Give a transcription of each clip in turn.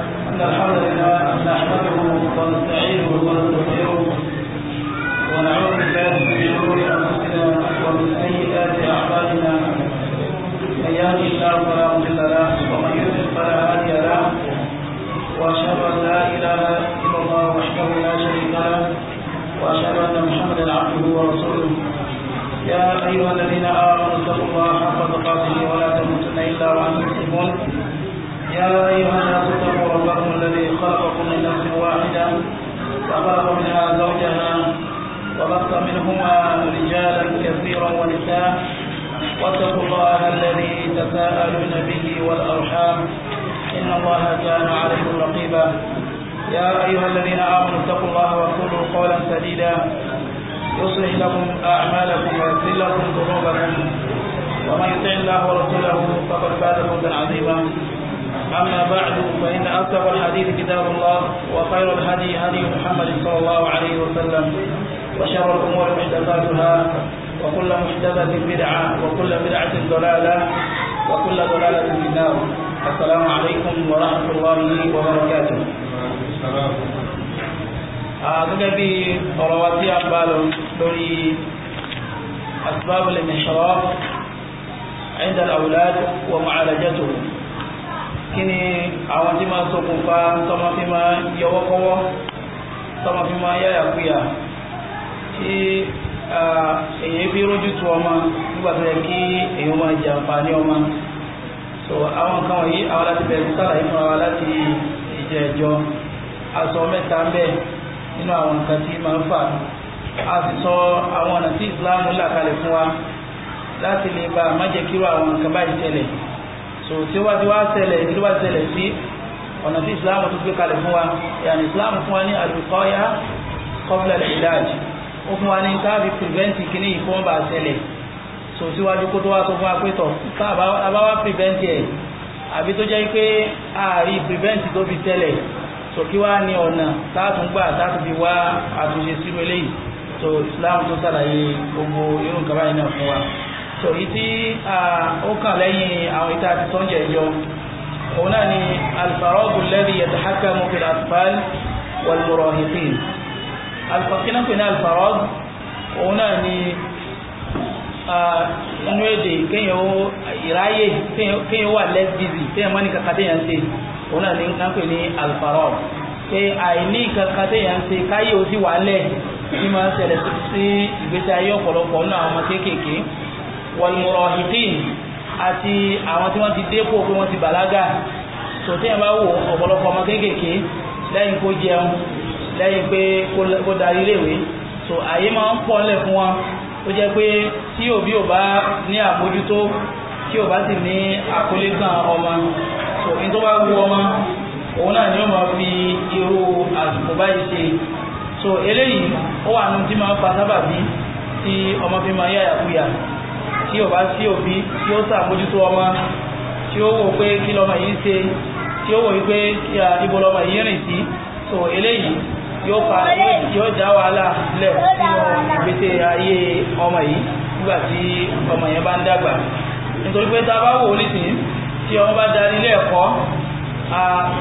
إن الحمد لله نحمده ونستعينه tọ́mọ fi máa yáyà kúyà tí èyí fi rójú tu ọmọ nígbà tó yẹ kí èyí máa jẹ àǹfààní ọmọ so àwọn kan wọ̀nyí àwọn láti bẹ̀rẹ̀ sàlàyé fún wa láti ìjẹ ẹ̀jọ́ aṣọ mẹ́ta ń bẹ nínú àwọn nǹkan tí máa ń fà á sì sọ àwọn ọ̀nà tí ìsìláàmù là kalẹ̀ fún wa láti lè ba má jẹ́ kíró àwọn nǹkan báyìí ṣẹlẹ̀ so tí ó bá ti wá ṣẹlẹ̀ tí ó bá ṣẹlẹ̀ sí ọ̀nà tí islam tó gbé kalẹ̀ fún wa yàní islam fún wa ní alùkọ́yà qabla al-ilaj ó fún wa ní káàbí pìrìvẹ́ǹtì kìíní ìfọ́nbà ṣẹlẹ̀ so síwájú kó tó wá sọ fún wa pé tọ̀ àbáwá pìrìvẹ́ǹtì ẹ̀ àbí tó jẹ́ pé ààrí pìrìvẹ́ǹtì tó fi ṣẹlẹ̀ so kí wá ní ọ̀nà táàtún gbà táàtún fi wá àtúnṣe sínú eléyìí so islam tó ṣàlàyé gbogbo irú nǹkan báyìí náà fún wa so ìtí ó kàn lẹ́yìn àwọn ìta àti òun náà الذي يتحكم في الأطفال والمراهقين. atfal wal murahiqin alfakínà pè ní alfarọ́gù òun náà ni inú èdè kéèyàn ó ìráyè kéèyàn wà less busy kéèyàn mọ́ ní kankan téèyàn ṣe òun náà ni nǹkan pè ní alfarọ́gù pé àìní kankan téèyàn káyé ó sì wà lẹ̀ ní máa ń sí ìgbésí ayé ọ̀pọ̀lọpọ̀ nínú ọmọ kéékèèké wal murahiqin àti àwọn tí wọ́n ti dépò pé wọ́n ti bàlágà tó tí ẹ̀ bá wò ọ̀pọ̀lọpọ̀ ọmọ kéékèèké lẹ́yìn kó jẹun lẹ́yìn pé kó darí iléèwé tó àyè máa ń pọ̀ ńlẹ̀ fún wọn ó jẹ́ pé tí òbí ò bá ní àbójútó tí ò bá sì ní àkólé kan ọmọ tó ní tó bá wù ọmọ òun náà ni ó máa fi irú àsìkò báyìí ṣe so eléyìí ó wà nù tí máa ń fa sábàbí tí ọmọ fi máa yáyà kúyà tí ò bá sí òbí tí ó sàbójútó ọmọ tí ó wò pé kí lọmọ yìí ṣe tí ó wò pé ibo lọmọ yìí rìn sí so eléyìí yóò fa yóò já wàhálà lẹ̀ nínú ìgbésẹ̀ ayé ọmọ yìí nígbà tí ọmọ yẹn bá ń dàgbà nítorí pé tá a bá wò ó nísìnyí tí ọmọ bá darí ilé ẹ̀kọ́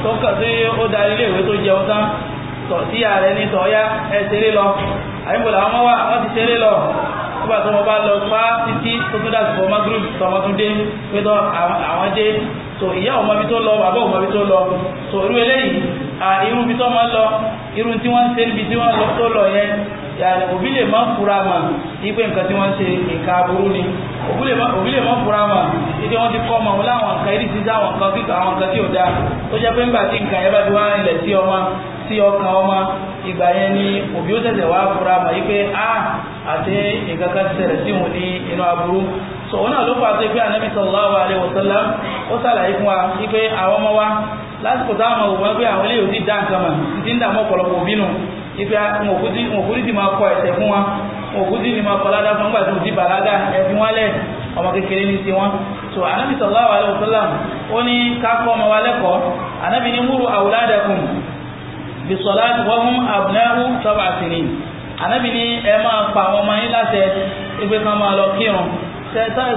tó kàn sí ó darí ilé ìwé tó jẹun tán tọ̀ sí ààrẹ ní tọ̀ọ́yá ẹ̀ ṣeré lọ àyíkò làwọn wà wọ́n ti ṣeré lọ nígbà tó wọn bá lọ pa títí tó tún dà sọ magrib tọmọ tún dé pé tọ àwọn dé so ìyá ọmọ ibi tó lọ bàbá ọmọ ibi tó lọ so irú eléyìí irú ibi tó máa lọ irú tí wọ́n ń ṣe níbi tí wọ́n lọ tó lọ yẹn yàrá òbí lè má fura mà ipe nǹkan tí wọ́n ṣe nǹkan aburú ni òbí lè má fura mà ibi wọ́n ti kọ́ ọmọ wọn láwọn nǹkan irisí sáwọn nǹkan kíkọ àwọn nǹkan tí ò dáa ó jẹ́ pé ńgbà sí ọkàn ọmọ ìgbà yẹn ni òbí ó tẹ̀sẹ̀ wá fura mọ̀ yí pé a àti nǹkan kan ti ṣẹlẹ̀ sí òun ní inú aburú so òun náà ló fà sí pé anabi sallallahu alayhi wa sallam ó ṣàlàyé fún wa yí pé àwọn ọmọ wa lásìkò táwọn ọmọ òun pé àwọn eléyìí ò ti dá nǹkan mọ̀ ti ń dààmú ọ̀pọ̀lọpọ̀ òbí nù ife òkúti ti máa kọ ẹ̀sẹ̀ fún wa òkúti ni máa kọládá fún gbàtí òtí bàlágà ẹ̀fí wọ́n lẹ̀ ọmọ kékeré ní sí so anábì sallallahu alaihi wasallam ó ní kákọ́ ọmọ wa lẹ́kọ̀ọ́ anábì ní múrù awladakum bisola wọ́n abunahu sọ́ba sini anabi ni ẹ máa pa àwọn ọmọ yín láṣẹ ipe kan máa lọ kírun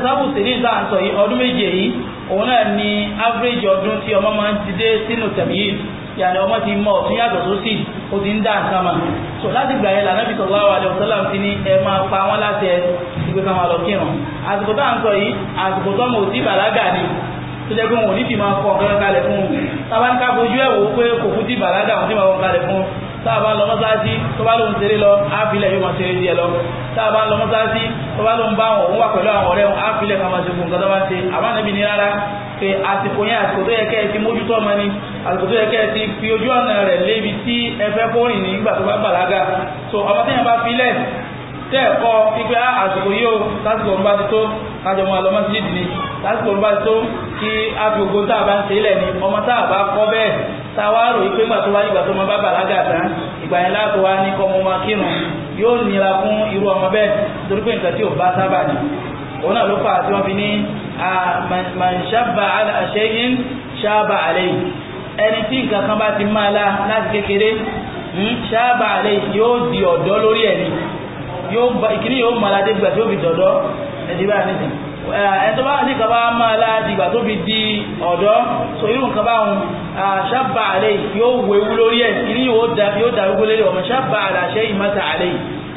sábù sini tá à ń sọ yìí ọdún méje yìí òun náà ni average ọdún tí ọmọ máa ń ti dé sínú tẹ̀mí yìí yàrá ọmọ ti mọ ọ̀tún yàtọ̀ sósì ó ti ń dá nǹkan mà so láti gbà yẹn lànàbí sallallahu alaihi wasallam ti ní ẹ máa pa wọn láṣẹ ipe kan máa lọ kírun àsìkò tá à ń sọ yìí àsìkò tọ́mọ òtí bàlágà ni tó jẹ́ pé wọn ò ní fi máa kọ ọ̀kan kalẹ̀ fún un tábà ń ká fojú ẹ̀ wò ó pé kò fún ti bàlágà wọn ti máa kọ kalẹ̀ fún un táàbà lọ mọ́sáàsì tó bá lóun ṣeré lọ áfilẹ̀ yóò máa ṣeré díẹ̀ lọ táàbà lọ mọ́sáàsì tó bá lóun bá wọn òun wà pẹ̀lú àwọn ọ̀rẹ́ wọn áfilẹ̀ kan máa ṣe fún nǹkan tó bá ṣe àmọ́ níbi ní rárá pé àsìkò yẹn àsìkò tó yẹ kẹ́ ẹ ti mójútó ọmọ ni àsìkò tó yẹ kẹ́ ẹ ti fi ojú ọ̀nà rẹ̀ lébi tí ẹ fẹ́ kó rìn nígbà tó bá bàlágà so ọmọ téèyàn bá filẹ̀ tẹ́ ẹ̀ kọ́ pípẹ́ ah, àsìkò yìí ó lásìkò ń bá ti tó lájọ máa lọ mọ́sídìí lásìkò ń bá ti tó kí a fi ogun tá a bá ń ṣe lẹ̀ ni ọmọ tá a bá kọ́ bẹ́ẹ̀ tá a wá rò wípé ìgbà tó wá ìgbà tó máa bá bàlágà tán ìgbà yẹn láti wá ní kọ́ ọmọ máa kírun yóò nira fún irú ọmọ bẹ́ẹ̀ torí pé nǹkan tí ò bá sábà ní òun náà ló fà á tí wọ́n fi ní man shabba ala shay'in shaba alayhi ẹni tí nǹkan kan bá ti máa la láti kékeré hmm, shaba alayhi yóò di ọ̀dọ́ lórí ẹ̀ ni ìkíní yóò mọ aládé gbà tí ó fi dọ̀dọ́ ẹ̀dí bá nìsín ẹ̀tọ́ bá ní kaba máa láàdìgbà tó fi di ọ̀dọ́ so irú nǹkan bá hun ṣàbà àlẹ́ yóò wéwu lórí ẹ̀ ní yóò darúgbó lórí ọmọ ṣàbà àlàṣẹ ìmọ̀ta àlẹ́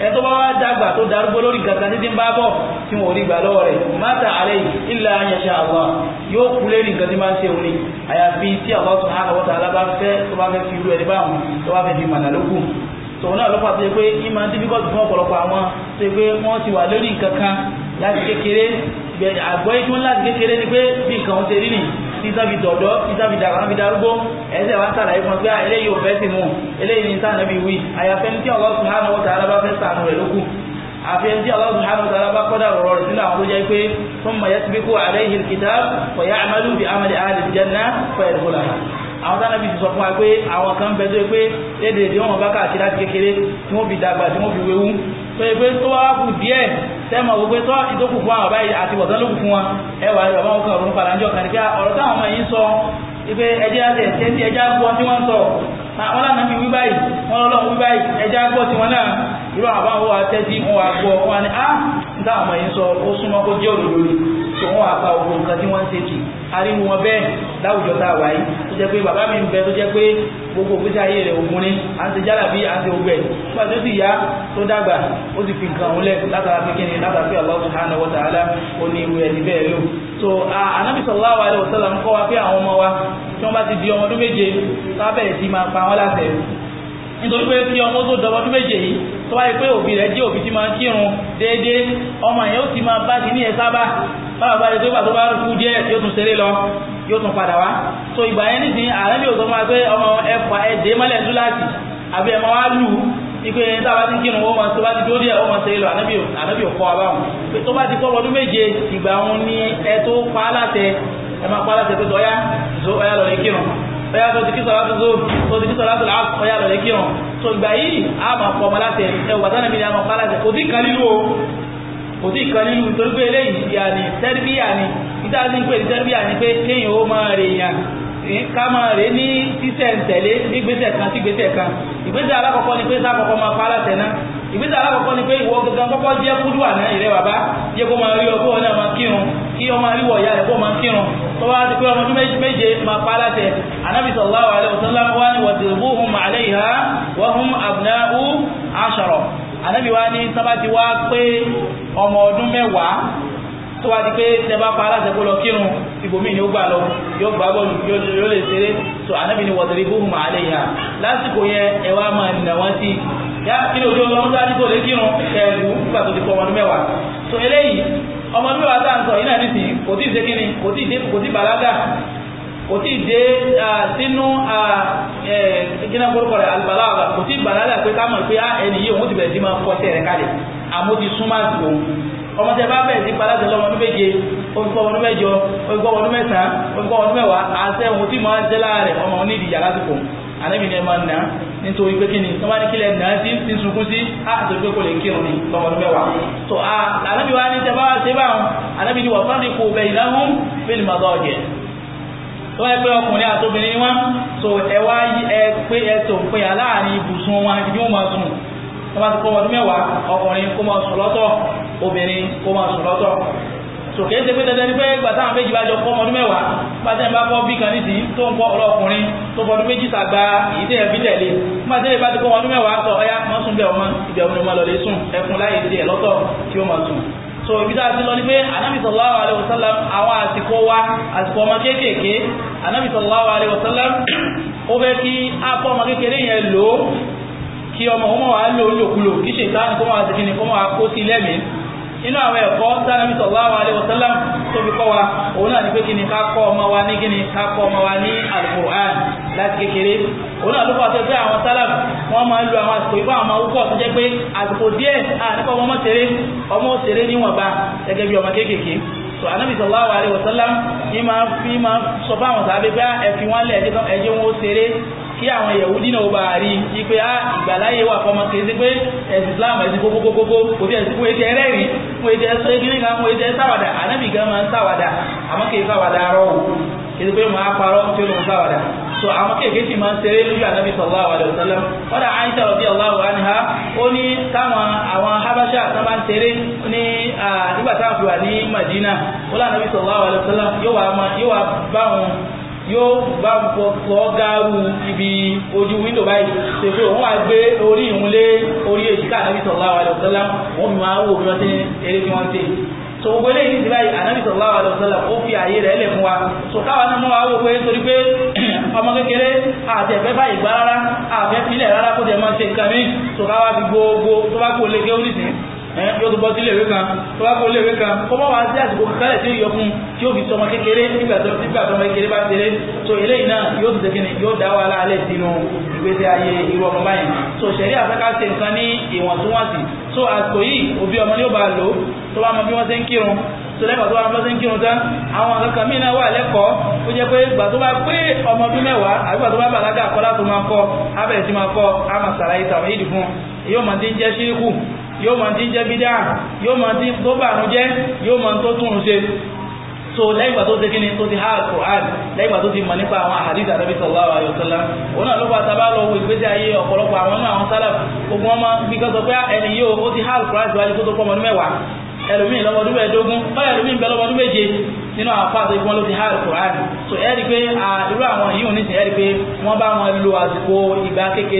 ẹ̀tọ́ bá wá dàgbà tó darúgbó lórí kankan títí ń bá bọ̀ tí wọ́n rí gbà lọ́wọ́ rẹ̀ mọ́ta àlẹ́ ilẹ̀ ayẹṣẹ́ àwọn yóò kú lérí nǹkan tí máa ń ṣe òní àyàfi tí Allah subhanahu wa ta'ala bá fẹ́ tó bá fẹ́ fi irú ẹni báwọn tó bá fẹ́ fi mànà lókù tòun náà lọ́pàá tó yẹ pé ìmọ̀ difficult fún ọ̀pọ̀lọpọ̀ àwọn tó yẹ pé wọ́n ti wà lórí láti kékeré bẹ̀rẹ̀ àgbọ́yé tí wọ́n láti kékeré ni pé bí nǹkan wọn ṣe rí nì títà fi dọ̀dọ́ títà fi dàgbà fi darúgbó ẹ̀sẹ̀ wá sàlàyé fún pé ah, eléyìí ò fẹ́ sí mu eléyìí ní sáà nàbí wí àyàfẹ́ ní tí Allah subhanahu wa ta'ala bá fẹ́ sànù rẹ̀ lókù àfihàn tí Allah subhanahu wa ta'ala bá kọ́dà rọrọ̀ rẹ̀ sílẹ̀ àwọn tó jẹ́ pé thumma yasbiqu alayhi al-kitab fa ya'malu bi amali ahli al-jannah fa yadkhulaha àwọn tánàbí ti sọ fún wa pé àwọn kan bẹ tó pé lédèdè wọn bá káàkiri láti kékeré tí wọn fi dàgbà tí wọn fi wéwú tó yẹ pé tó wá kù díẹ̀ sẹ́mọ̀ gbogbo tọ ìdókù fún àwọn báyìí àti wọ̀tánlókù fún wọn ẹwà rẹ̀ bá wọn kan ọ̀run padà ń jọ kàníkà ah, ọ̀rọ̀ táwọn ọmọ yìí sọ ipe ẹjẹ́ àti ẹjẹ́ tí wọ́n sọ wọn lànà fi wí báyìí wọn lọ́lọ́ wí báyìí ẹjẹ́ àgbọ̀ ah, tí wọ́n náà irú àbá wọn wà tẹ́tí wọn wà gbọ́ wọn ni wọn arínú wọn bẹ́ẹ̀ láwùjọ tá a wà yìí tó jẹ́ pé bàbá mi ń bẹ tó jẹ́ pé gbogbo ògbésí ayé rẹ̀ ogun ni à ń ṣe bí ogun ẹ̀ nígbà tó sì yá tó dàgbà ó fi nǹkan òun lẹ̀ látara pé kíni látara pé so ń kọ́ wa pé àwọn ọmọ wa tí wọ́n bá ti di ọmọ ọdún méje máa pa wọ́n nítorí pé kí báwa bá di pé pàtó bá kú díẹ̀ yóò tún ṣeré lọ yóò tún padà wá so ìgbà yẹn nísìnyí ààrẹ bí òtún máa pé ọmọ ẹ̀fà ẹ̀dẹ́ mọ́lẹ̀ dúláàsì àbí ẹ̀mọ́ wá lù ipe ẹni tá a bá ti kírun ó máa tó bá ti dúró díẹ̀ ó máa ṣeré lọ ànábì ò kọ́ wa báwọn pé tó bá ti kọ́ ọdún méje ìgbà òun ni ẹ tó pa á láṣẹ ẹ máa pa á láṣẹ pé ọyá ọyá lọ lè kírun ọyá tó ti kí sọlá tó zó tó ti kí sọlá tó làá ọyá lọ lè kírun tó ìgbà yìí a máa pọ̀ ọmọ láṣẹ ẹ ò bàtà kò sí ìkan nínú torí pé eléyìí ti àní tẹ́rbíà ni ìta sí pé tẹ́rbíà ni pé kéèyàn ó máa rè yàn eh, ká máa rè ní sísẹ̀ǹtẹ̀lé ní gbésẹ̀ kan sí gbésẹ̀ kan ìgbésẹ̀ alákọ̀ọ́kọ́ ni pé sákọ̀ọ́kọ́ máa pa aláṣẹ náà ìgbésẹ̀ alákọ̀ọ́kọ́ ni pé ìwọ gangan kọ́kọ́ jẹ́ kúrú àná ìrẹ́ bàbá jẹ́ kó máa rí ọkọ́ náà máa kírun kí ọmọ àríwọ̀ ìyá rẹ̀ kó máa kírun tó bá ti pé ọmọ ọdún méje máa pa aláṣẹ anábì sallallahu alaihi wasallam wá ní wàdìrúhùn màálẹ́ ìhá wọ́n hùn àbùnáhù àṣàrọ̀ ànábì wa ní sábà ti wá pé ọmọ ọdún mẹ́wàá tó wá di pé tẹ́bá pa aláṣẹ kó lọ kírun ibòmí ni ó gbà lọ yóò gbà bọ́ọ̀lù yóò lè ṣeré tó ànábì ni wọ̀tẹ̀lẹ̀ bóhùn máa lè yà lásìkò yẹn ẹ wá máa nà wọ́n sí yá kí ni ojú ọlọ́run tó àdìgbò lè kírun ẹ̀rù nígbà tó ti kọ ọmọdún mẹ́wàá tó eléyìí ọmọdún mẹ́wàá tá à ń sọ yìí náà nìsín kò tí ì ṣe kíni kò tí ì kò tí ì dé sínú ìjìnà kórúkọ rẹ̀ alùbáláàbà kò tí ì gbàlálà pé ká mọ̀ pé á ah, ẹni yìí òun ti bẹ̀rẹ̀ sí máa fọ́ sí ẹ̀rẹ̀ kalẹ̀ àmọ́ ti súnmọ́ àsìkò ọmọ tẹ bá bẹ̀rẹ̀ sí paláṣẹ lọ́mọ ọdún méje olùkọ́ ọdún mẹ́jọ olùkọ́ ọdún mẹ́sàn-án olùkọ́ ọdún mẹ́wàá àṣẹ ohun tí máa jẹ́ láàrẹ̀ ọmọ onídìí yà lásìkò ànábì ní ẹ máa nà nítorí pé kí ni wọ́n bá ní kílẹ̀ nà á sí wa ní tẹ bá wá ṣe báwọn ànábì ní wà fáńdì kò bẹ̀ tó wáyé pé ọkùnrin àtòbìnrin ni wọ́n so ẹ wá ẹ pé ẹ tó pé yà láàrin ibùsùn wọn ibi wọn máa sùn wọ́n bá ti kó ọdún mẹ́wàá ọkùnrin kó máa sùn lọ́tọ̀ obìnrin kó máa sùn lọ́tọ̀ so kìí ṣe pé dandan ni pé ìgbà táwọn méjì bá jọ kọ́ ọmọdún mẹ́wàá bá tẹ́ ń bá kọ́ bí kan ní sìn tó ń kọ́ ọ̀rọ̀ ọkùnrin tó fọdún méjì sàgbà èyí tẹ́ ẹ̀ fi tẹ̀lé nígbà tẹ́lẹ̀ bá ti kọ́ ọmọdún mẹ́wàá sọ ọ̀yá mọ́sùn bẹ́ẹ̀ ọmọ ibẹ̀ ni so ibi tá a ti lọ ni pé anabi sallallahu alayhi wa sallam àwọn àsìkò wa àsìkò ọmọ kéékèèké anabi sallallahu alayhi wa sallam ó fẹ́ kí akọ ọmọ kékeré yẹn lò ó kí ọmọ ọmọ wa lò ó lòkulò kí ṣètàn kó máa ṣe kí ni kó máa kó sí lẹ́mìí inú àwọn ẹ̀kọ́ sálàmì sallallahu alaihi wasallam tó fi kọ́ wa òun náà ní pé kíni ká kọ́ ọmọ wa ní kíni ká kọ́ ọmọ wa ní alukur'an láti kékeré òun náà ló fà tó pé àwọn sálàmì wọ́n máa ń lo àwọn àsìkò ìfọ́ àwọn ọmọ tó jẹ́ pé àsìkò díẹ̀ àníkọ́ ọmọ ṣeré ọmọ ṣeré níwọ̀nba gẹ́gẹ́ bí ọmọ kéékèèké so anabi sallallahu alaihi wasallam ní máa fi máa sọ fún àwọn sàbẹ̀ pé ah, ẹ fi wọ́n lẹ̀ wọn ó ṣeré kí àwọn yahudi náà bá rí i pé á ah, ìgbàláyé wà fọmọ kéde pé ẹ̀sìn Islam ẹ̀sìn kókókókó kò sí ẹ̀sìn fún ẹ̀jẹ̀ rẹ́rìn fún ẹ̀jẹ̀ ẹ̀sìn kan fún ẹ̀jẹ̀ sáwàdà ànábì gan máa ń sáwàdà àmọ́ kì sáwàdà kéde pé parọ́ tí ó lọ sáwàdà so àwọn kéèké sì máa ń ṣeré lójú ànábì sallallahu alaihi onye habasha ah, Madina yóò bá fọ́ gáàrù ibi ojú wíńdò báyìí ṣe pé òun wà gbé orí ìhun lé orí èjìká ànábì sallallahu alaihi wasallam òun mi máa ń wò bí wọ́n ti eré bí wọ́n ti so gbogbo eléyìí ní ti báyìí ànábì sallallahu alaihi wasallam ó fi ààyè rẹ̀ lẹ̀ fún wa so káwa náà mọ́ wa wò pé torí pé ọmọ kékeré àti ẹ̀fẹ́ báyìí gbá rárá àfẹ́ sílẹ̀ rárá kó tẹ̀ mọ́ ṣe nǹkan mí so káwa fi gbogbo tó bá kó lé gé oníṣẹ́ yóò tó bọ́ sí iléèwé kan tó bá kó iléèwé kan kó bá wá sí àsìkò kálẹ̀ tí ó yọ fún tí ó fi sọmọ kékeré nígbà tó ọmọ kékeré bá tẹ̀lé so eléyìí náà yóò ti tẹ̀kẹ́ni yóò dá wa láàlẹ́ sínú ìgbésí ayé irú ọmọ báyìí so ṣẹ̀rí àfẹ́ká ṣe nǹkan ní ìwọ̀ntúnwọ̀nsì so àsìkò yìí òbí ọmọ ni ó bá lò tó bá mọ bí wọ́n ṣe ń kírun sọlẹ́gbà tó wà lọ́sẹ̀ ń kírun tán àwọn akẹ́kọ̀ọ́ míì náà wà lẹ́kọ̀ọ́ tó jẹ́ pé ìgbà tó bá pé ọmọ ọdún mẹ́wàá àgbà tó bá bàlágà kọ́ láti máa kọ́ abẹ́rẹ́ sí máa kọ́ àmàṣàlàyé tàwọn yìí dì fún yóò máa ti ń jẹ́ ṣíríkù yóò ma tí ń jẹ́ bídá yóò mọ̀ tí tó bàánú jẹ́ yóò mọ̀ tó so lẹ́yìnbà tó ṣe kíni tó ti ha Qur'an lẹ́yìnbà tó ti mọ̀ nípa àwọn hadith Ànábì sallallahu alaihi wasallam òun náà ló pa tábà lọ wo ihe ayé ọ̀pọ̀lọpọ̀ àwọn náà àwọn sálàf ah, ti ha Qur'an síwájú tó tó pọ̀ ọmọdún mẹ́wàá ẹlòmíì méje nínú ló ti so ẹ pé irú àwọn ní pé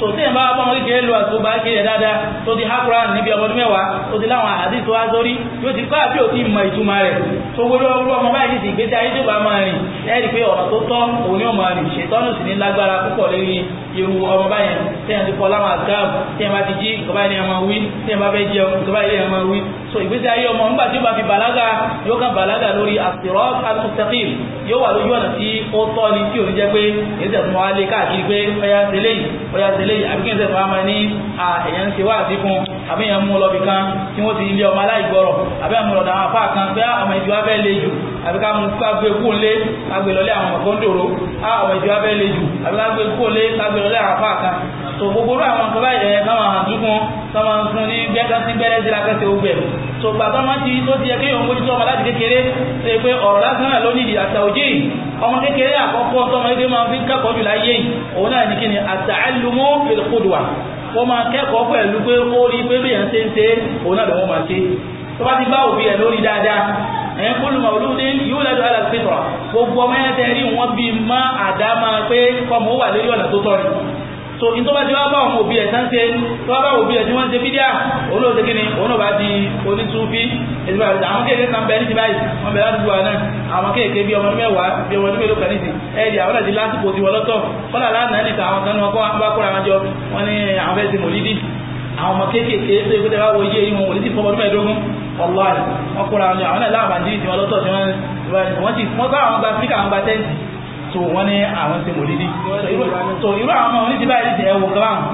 so tí ìyàmbá ọmọ kékeré lu àsìkò bá kéde dáadáa tó ti há Kùránì níbi ọmọdún mẹ́wàá tó ti láwọn àdí tó wá sórí yóò ti kọ́ àbí òtí mọ ìtumọ̀ rẹ̀ tó gbogbo ọmọ ọmọ báyìí ti sì ìgbésí ayé tó bá máa rìn ẹ̀rí pé ọ̀nà tó tọ́ òun yóò máa rìn ṣètọ́nù sì ní lágbára púpọ̀ lórí irú ọmọ báyẹn tí ẹ̀ ti kọ́ láwọn àgáàbù tí ẹ̀ bá ti jí ìkọ́bá ilé ẹ̀ máa wí tí ẹ̀ bá fẹ́ jẹun ìkọ́bá ilé ẹ̀ máa wí so ìgbésí ayé ọmọ nígbà tí ó bá fi bàlágà yóò wà lójú ọ̀nà tí ó tọ́ ni tí ò ní jẹ́ pé ẹ̀sẹ̀ tó wá lé káàkiri pé ọya tẹ́lẹ̀ yìí ọya tẹ́lẹ̀ yìí àbí kí ẹ̀sẹ̀ tó wá máa ní èèyàn ń ṣe wá àfikún àbí èèyàn mú lọ bìkan tí wọ́n ti ilé ọmọ aláìgbọ́rọ̀ àbí àmú lọ̀dà àwọn apá kan pé ọmọ ìjọ abẹ́ le jù àbí ká mú kágbé e kú e lé kágbé lọlé àwọn ọmọ kóńdòrò á sògbà tó máa ti tó ti yẹ kí òun mójútó ọmọ láti kékeré ṣe pé ọ̀rọ̀ lásán náà ló ní ìdí àtàwòjì ọmọ kékeré àkọ́kọ́ tọmọ ẹgbẹ́ máa fi kẹ́kọ̀ọ́ jù láyé òun náà ní kí ni àtàlùmú fìlìkùdùwà ó máa kẹ́kọ̀ọ́ pẹ̀lú pé ó rí pé bí èèyàn ṣe ń ṣe òun náà lọ́wọ́ máa ṣe tó bá ti bá òbí ẹ̀ lórí dáadáa ẹ̀yìn kúlù màálù ní yóò lẹ́dọ̀ alàgbẹ̀tọ̀ gbogbo ọmọ ẹ̀ tẹ́ rí wọn bíi má àdámá pé kọ́mọ ó wà lórí ọ̀nà so in tó bá ti wá bá àwọn òbí ẹ̀ tán ṣe tó bá bá òbí ẹ̀ tí wọ́n ṣe fídíà òun ló ṣe kí ni òun náà bá di onítúfí ìgbà àwọn kéèké kan bẹ ní ti báyìí wọn bẹ láti wà náà àwọn kéèké bí ọmọdé mẹ́wàá bí ọmọdé mélòó kan nìsí ẹ̀ẹ́dì àwọn àti lásìkò ti wọ lọ́tọ̀ kọ́lá lánàá tí wọ́n ti wọ́n gba àwọn gba síkà àwọn gba tẹ́ǹtì so wọ́n ní àwọn ṣe mòlídì so irú àwọn ọmọ oníṣẹ́ báyìí ti ẹ̀wọ̀ kan báwọn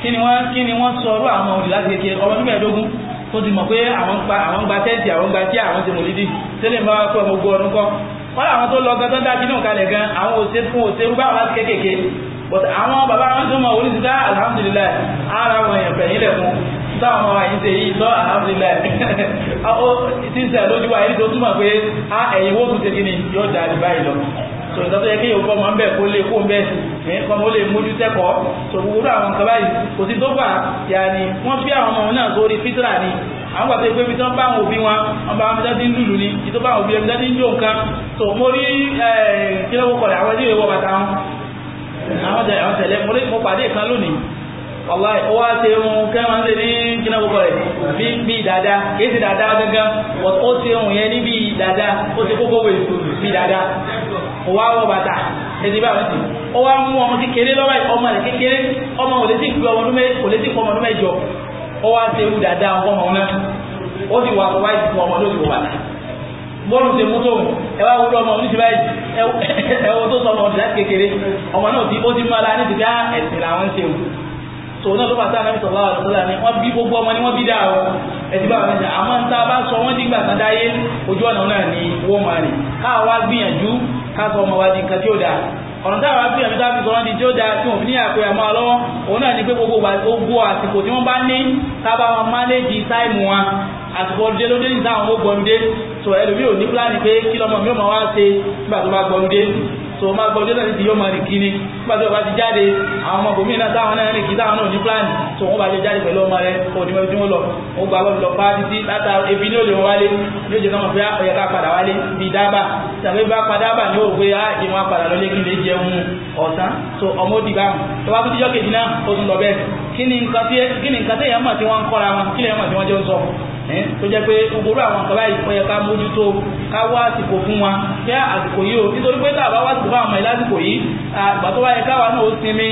kí ni wọ́n kí ni wọ́n sọ irú àwọn ọmọ òdì láti kékeré ọmọ ọdún mẹ́ẹ̀ẹ́dógún tó ti mọ̀ pé àwọn gba àwọn gba tẹ́ǹtì àwọn gba tí àwọn ṣe mòlídì tẹ́lẹ̀ bá wá pé ọmọ ogun ọdún kọ́ wọ́n àwọn tó lọ gan tó ń dájú náà kalẹ̀ gan àwọn òṣè fún òṣè rúgbà wọn láti kékèké but àwọn bàbá wọn tó mọ oníṣẹ́ alhamdulillah ara wọn yẹn fẹ̀yìn lẹ̀kún táwọn ọmọ yìí ṣe yìí lọ alhamdulillah tí ń sẹ́ lójú wa yìí tó túmọ̀ pé ẹ̀yìn wọ́n tún ṣe kí ni yóò dá ní báyìí lọ so nǹkan tó yẹ kéèyàn kọ́ máa ń bẹ̀ kó lè kó ń bẹ̀ ẹ̀yìn kan ó lè mójú tẹ́kọ̀ọ́ so gbogbo àwọn nǹkan báyìí kò sí tó gbà yà ni wọ́n fi àwọn ọmọ náà sórí fitra ni àwọn gbàgbé pé bitán bá àwọn òbí wọn wọn bá wọn bitán ti ń lùlù ni ìtọ́ bá àwọn òbí wọn ti ń jó nǹkan so mo rí kí lọ́wọ́ kọ̀ọ̀dà àwọn ẹdínwó bàtà wọn àwọn tẹ̀lé mo pàdé ìkan lónìí wàláì ó wá ṣe ohun kẹ́wọ́n ṣe ní kíná gbogbo rẹ̀ bí dáadáa kìí ṣe dáadáa gangan ó ṣe ohun yẹn ní bí dáadáa ó ṣe kókó wèé bí dáadáa ó wá wọ bàtà ẹni bá wọn sì ó wá mú ọmọ kékeré lọ́wọ́ ọmọ rẹ̀ kékeré ọmọ kò lè sí ìgbé ọmọ ọdún mẹ́jọ ó wá ṣe ewu dáadáa ọmọ ọmọ náà ó sì wà wáyé fún ọmọ lóṣù bàtà bọ́ọ̀lù ṣe mú tóun ẹ wá wúlò ọmọ oníṣẹ́ báyìí ẹ wo tó sọ ọmọ ọ̀dùn láti kékeré ọmọ náà ti ó ti máa la ní ìdíjà ah, ẹ̀sìn làwọn ń ṣe o tò náà ló bá sáà nàbí sọ̀rọ̀ àwọn ọ̀dọ́dà ni wọ́n bí gbogbo ọmọ ni wọ́n bí dá o ẹ̀sìn bá wọn ṣe àmọ́ ń tá a bá sọ wọ́n dìgbà kan dáyé ojú ọ̀nà náà ni wọ́n máa rìn káà wá gbìyànjú káàsọ̀ ọmọ wa di nǹkan tí ó dáa ọ̀nà táwọn àbí àbí táwọn ìsọ̀rọ̀ di tí ó dáa tí wọ́n fi ní àpè àmọ́ ọlọ́wọ́ òun náà ni pé gbogbo gbogbo àsìkò tí wọ́n bá ní tábà wọn mánéjì táìmù wọn àsìkò ọdúnjẹ ló dé ní táwọn ó gbọ́ndé so ẹlòmíì ní pílánì pé kí mi ò máa wá ṣe nígbà tó bá gbọ́ndé so máa gbọ́ jọ́sẹ̀ ti yóò máa rìn kíní nígbàtí ọba ti jáde àwọn ọmọ bòmí náà táwọn náà rìn kí táwọn náà ní pláàni so wọ́n bá jẹ́ jáde pẹ̀lú ọmọ rẹ̀ onímọ̀ ojú wọn lọ ó gba bọ́ọ̀lù lọ fáá títí láta ebi ní òde wọn wálé ní òjò náà pé ọ̀yẹ́ ah, ká padà wálé bíi dábà tàbí bá padà bà ní òwe á ìdí padà lọ lékìlé jẹun ọ̀sán so ọmọ òdì báwọn tó bá tún ti jọ́ kejì náà ó tún lọ bẹ́ẹ̀ kí ni nǹkan tí èèyàn tí wọ́n ń kọ́ra wọn kí lèèyàn tí wọ́n jẹ́ ń sọ tó jẹ́ pé gbogbo àwọn kan báyìí ó yẹ ká mójútó ká wá àsìkò fún wa jẹ́ àsìkò yìí o nítorí pé tàbá wá àsìkò fún àwọn ọmọ ìlàsìkò yìí àgbà tó wáyé káwa náà ó sinmi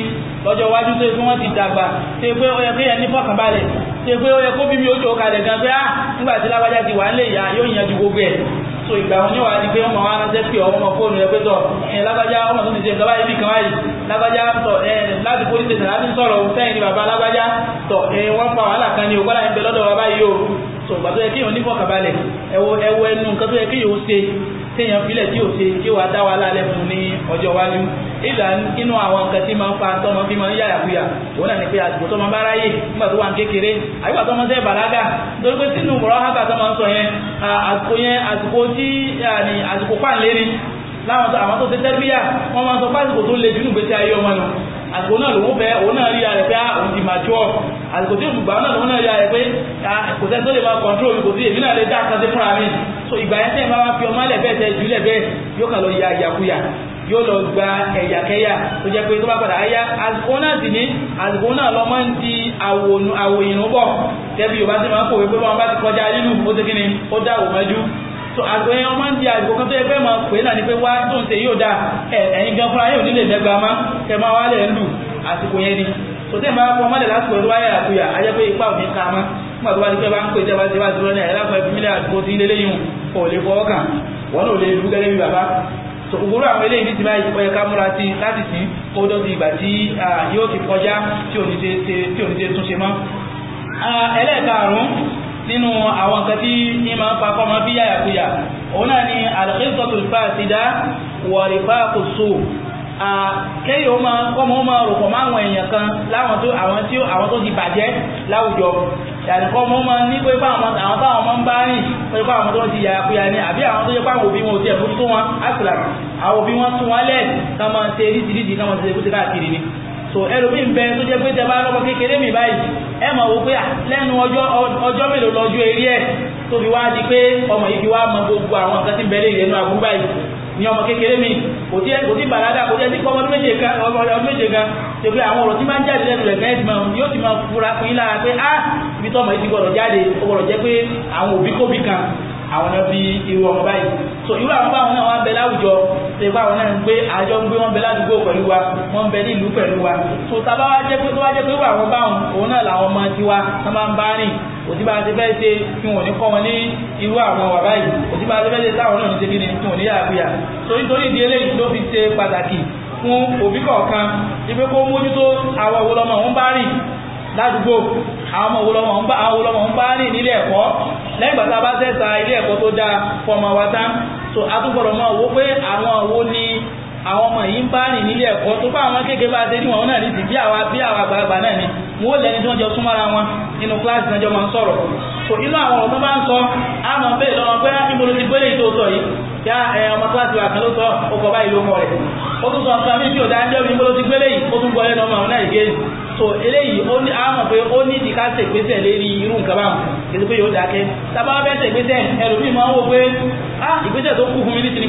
lọ́jọ́ iwájú tó pé wọ́n ti dàgbà tó pé ó yẹ kí ẹni fọkànbalẹ̀ tó pé ó yẹ kó bíbí ó jò kalẹ̀ gan pé ah nígbà tí lágbájá ti wà ń lè yá yóò yanjú gbogbo ẹ̀ so ìgbà wọn yóò wá di pé wọn máa ránṣẹ́ pé ọmọ fóònù rẹ pé tọ ẹ lágbájá ọmọ tó ti ṣe nǹkan báyìí nìkan báyìí lágbájá tọ ẹ láti polisi tẹ̀sán láti sọ̀rọ̀ sẹ́yìn ni bàbá lágbájá tọ ẹ wọ́n pa wàhálà kan ní ògbọ́dà ń bẹ lọ́dọ̀ bàbá yìí o so gbàtọ́ yẹ kéèyàn nífọ̀kàbalẹ̀ ẹwọ ẹwọ ẹnu nǹkan tó yẹ kéèyàn ó ṣe kéèyàn filẹ̀ tí ó ṣe kí wàá dá wa lálẹ́ fún ní ọjọ́ iwájú ìlà inú àwọn nǹkan tí máa ń fa tọmọ bí máa ń yàyà kuyà òun náà ni pé àsìkò tọmọ bá ráyè nígbà tó wà ń kékeré àyíká tọmọ sẹ bàlágà nítorí pé sínú mọ̀rọ̀ hábà tọmọ ń sọ yẹn àsìkò yẹn àsìkò tí àsìkò pàǹlé ni láwọn àwọn tó ṣe tẹ́bíyà wọ́n máa sọ pásìkò tó le jù nígbèsè ayé ọmọ nù àsìkò náà lòun fẹ́ òun náà rí ara rẹ̀ pé òun ti màjọ́ àsìkò tí òṣùgbà náà lòun náà yá ẹ pé kò sẹ́ni tó lè máa kọ̀ǹtró mi kò sí èmi náà lè dá kan sí fúnra mi so ìgbà yẹn tẹ́yìn bá wá fi ọmọ alẹ́ bẹ́ẹ̀ tẹ́ jùlẹ̀ bẹ́ẹ̀ yóò kàn lọ ya ìyàkuyà yóò lọ gba ẹ̀yàkẹ́yà tó jẹ́ pé tó bá padà ayá àsìkò náà sì ní àsìkò náà lọ máa ń di àwòyìn bọ̀ tẹ́bi yorùbá sì máa ń kòwé pé wọ́n bá ti kọjá lílù ó ti kíni ó dá àwò mẹ́jú so àsìkò yẹn wọ́n máa ń di àsìkò kan tó yẹ pé máa pè é náà ni pé wá tó ń ṣe yóò dáa ẹ̀yin gan fúnra yóò nílé ìdẹ́gbàmá kẹ máa wá lẹ̀ ń lù àsìkò yẹn ni kò tẹ́ ìbára fún ọmọdé lásìkò tó bá yàrá kuyà ajẹ́ pé ipa òní ká mọ́ nígbà tó bá ti pẹ́ bá ń pè jẹ́ bá ti bá ti rọ́nà ẹ̀rá fún ẹbí àdúgbò tí ilé léyìn ò lè fọwọ́ kàn wọ́n ò lè lù gẹ́gẹ́ bí bàbá tó gbogbo àwọn eléyìí ti báyìí ó yẹ ká múra sí láti sí ó dọ́bi ìgbà tí yóò ti kọjá tí ò ní ṣe túnṣe mọ́ ẹlẹ́ẹ̀karùn-ún nínú àwọn nǹkan tí ní máa ń papọ̀ mọ́ bí yàyàkuyà òun náà ni àlùkò ìsọ̀tò ìfà àtidá wọ̀rìfà kò sóò kéyìn ó máa kọ́mọ ó máa ròpọ̀ mọ́ àwọn èèyàn kan láwọn tó àwọn tí àwọn tó ti bàjẹ́ láwùjọ yàtọ̀ kọ́mọ ó máa ní pé báwọn àwọn táwọn máa ń bá rìn pé báwọn tó ti yàrá péyà ni àbí àwọn tó yẹ báwọn òbí wọn ò tiẹ̀ fún tó wọn àṣìlá àwọn òbí wọn tún wọn lẹ̀ ká máa ṣe dídìdì ká máa ṣe kúṣe káàkiri ni so ẹlòmí ń bẹ tó jẹ́ pé tẹ bá lọ́kọ́ kékeré mi báyìí ẹ mọ̀ wò pé lẹ́nu ọjọ́ mélòó lọ́jọ́ eré ẹ̀ tó fi wá di pé ọmọ yìí fi wá mọ gbogbo àwọn nǹkan tí ń bẹ lè rẹ̀ nínú àbúrú báyìí ní ọmọ kékeré mi kò tí bàlágà kò jẹ́ sí kọ́ ọmọdún méje kan ọmọdún méje kan ṣe pé àwọn ọ̀rọ̀ tí máa ń jáde lẹ́nu rẹ̀ fẹ́ẹ́ mọ̀ yóò ti máa fura fún yín lára pé á ibi tí yìí ti gbọ́dọ̀ jáde ó gbọ́dọ̀ jẹ́ pé àwọn òbí kóbí kan àwọn náà bí irú ọmọ báyìí so irú àwọn báwọn náà wá ń bẹ láwùjọ ṣe pé àwọn náà ń gbé àjọ ń gbé wọn bẹ ládùúgbò pẹ̀lú wa wọn bẹ ní ìlú pẹ̀lú wa so tá bá wá jẹ́ pé tó wá jẹ́ pé irú àwọn báwọn òun náà làwọn ọmọ tiwa tó máa ń bá rìn òtí bá ti fẹ́ ṣe kí wọn ní kọ́ wọn ní irú àwọn wà báyìí òtí bá ti fẹ́ ṣe táwọn náà ní ṣe kíni tí wọn ní yàgbéyà so ìdí eléyìí ló fi ṣe pàtàkì fún òbí kọ̀ọ̀kan ibi kó mójútó àwọn òwò lọ́mọ òun bá ọmọ ń bá rìn nílé ẹ̀kọ́ bá ilé ẹ̀kọ́ tó dáa wa so atúgbọ̀rọ̀ mọ́ owó pé àwọn ni àwọn ọmọ yìí ń bá rìn nílé ẹ̀kọ́ tó bá àwọn bá níwọ̀n náà nínú kíláàsì náà jọ máa ń sọ̀rọ̀ kò inú àwọn ọ̀rọ̀ tó bá ń sọ á mọ̀ bẹ́ẹ̀ lọ́wọ́ pé níbo ló ti gbélé tó sọ yìí yá ọmọ kíláàsì wa kan ló sọ ó kọ báyìí ló rẹ̀ ó tún sọ nǹkan mí tí ò dáa ń jẹ́bi ti gbélé yìí ó tún gbọ́ lẹ́nu ọmọ náà ìgbé so eléyìí ó ní á mọ̀ pé ó ní ìdí ká ṣègbésẹ̀ lérí irú nǹkan báwọn kìí pé ah ìgbésẹ̀ tó kù fún mi ní ti ni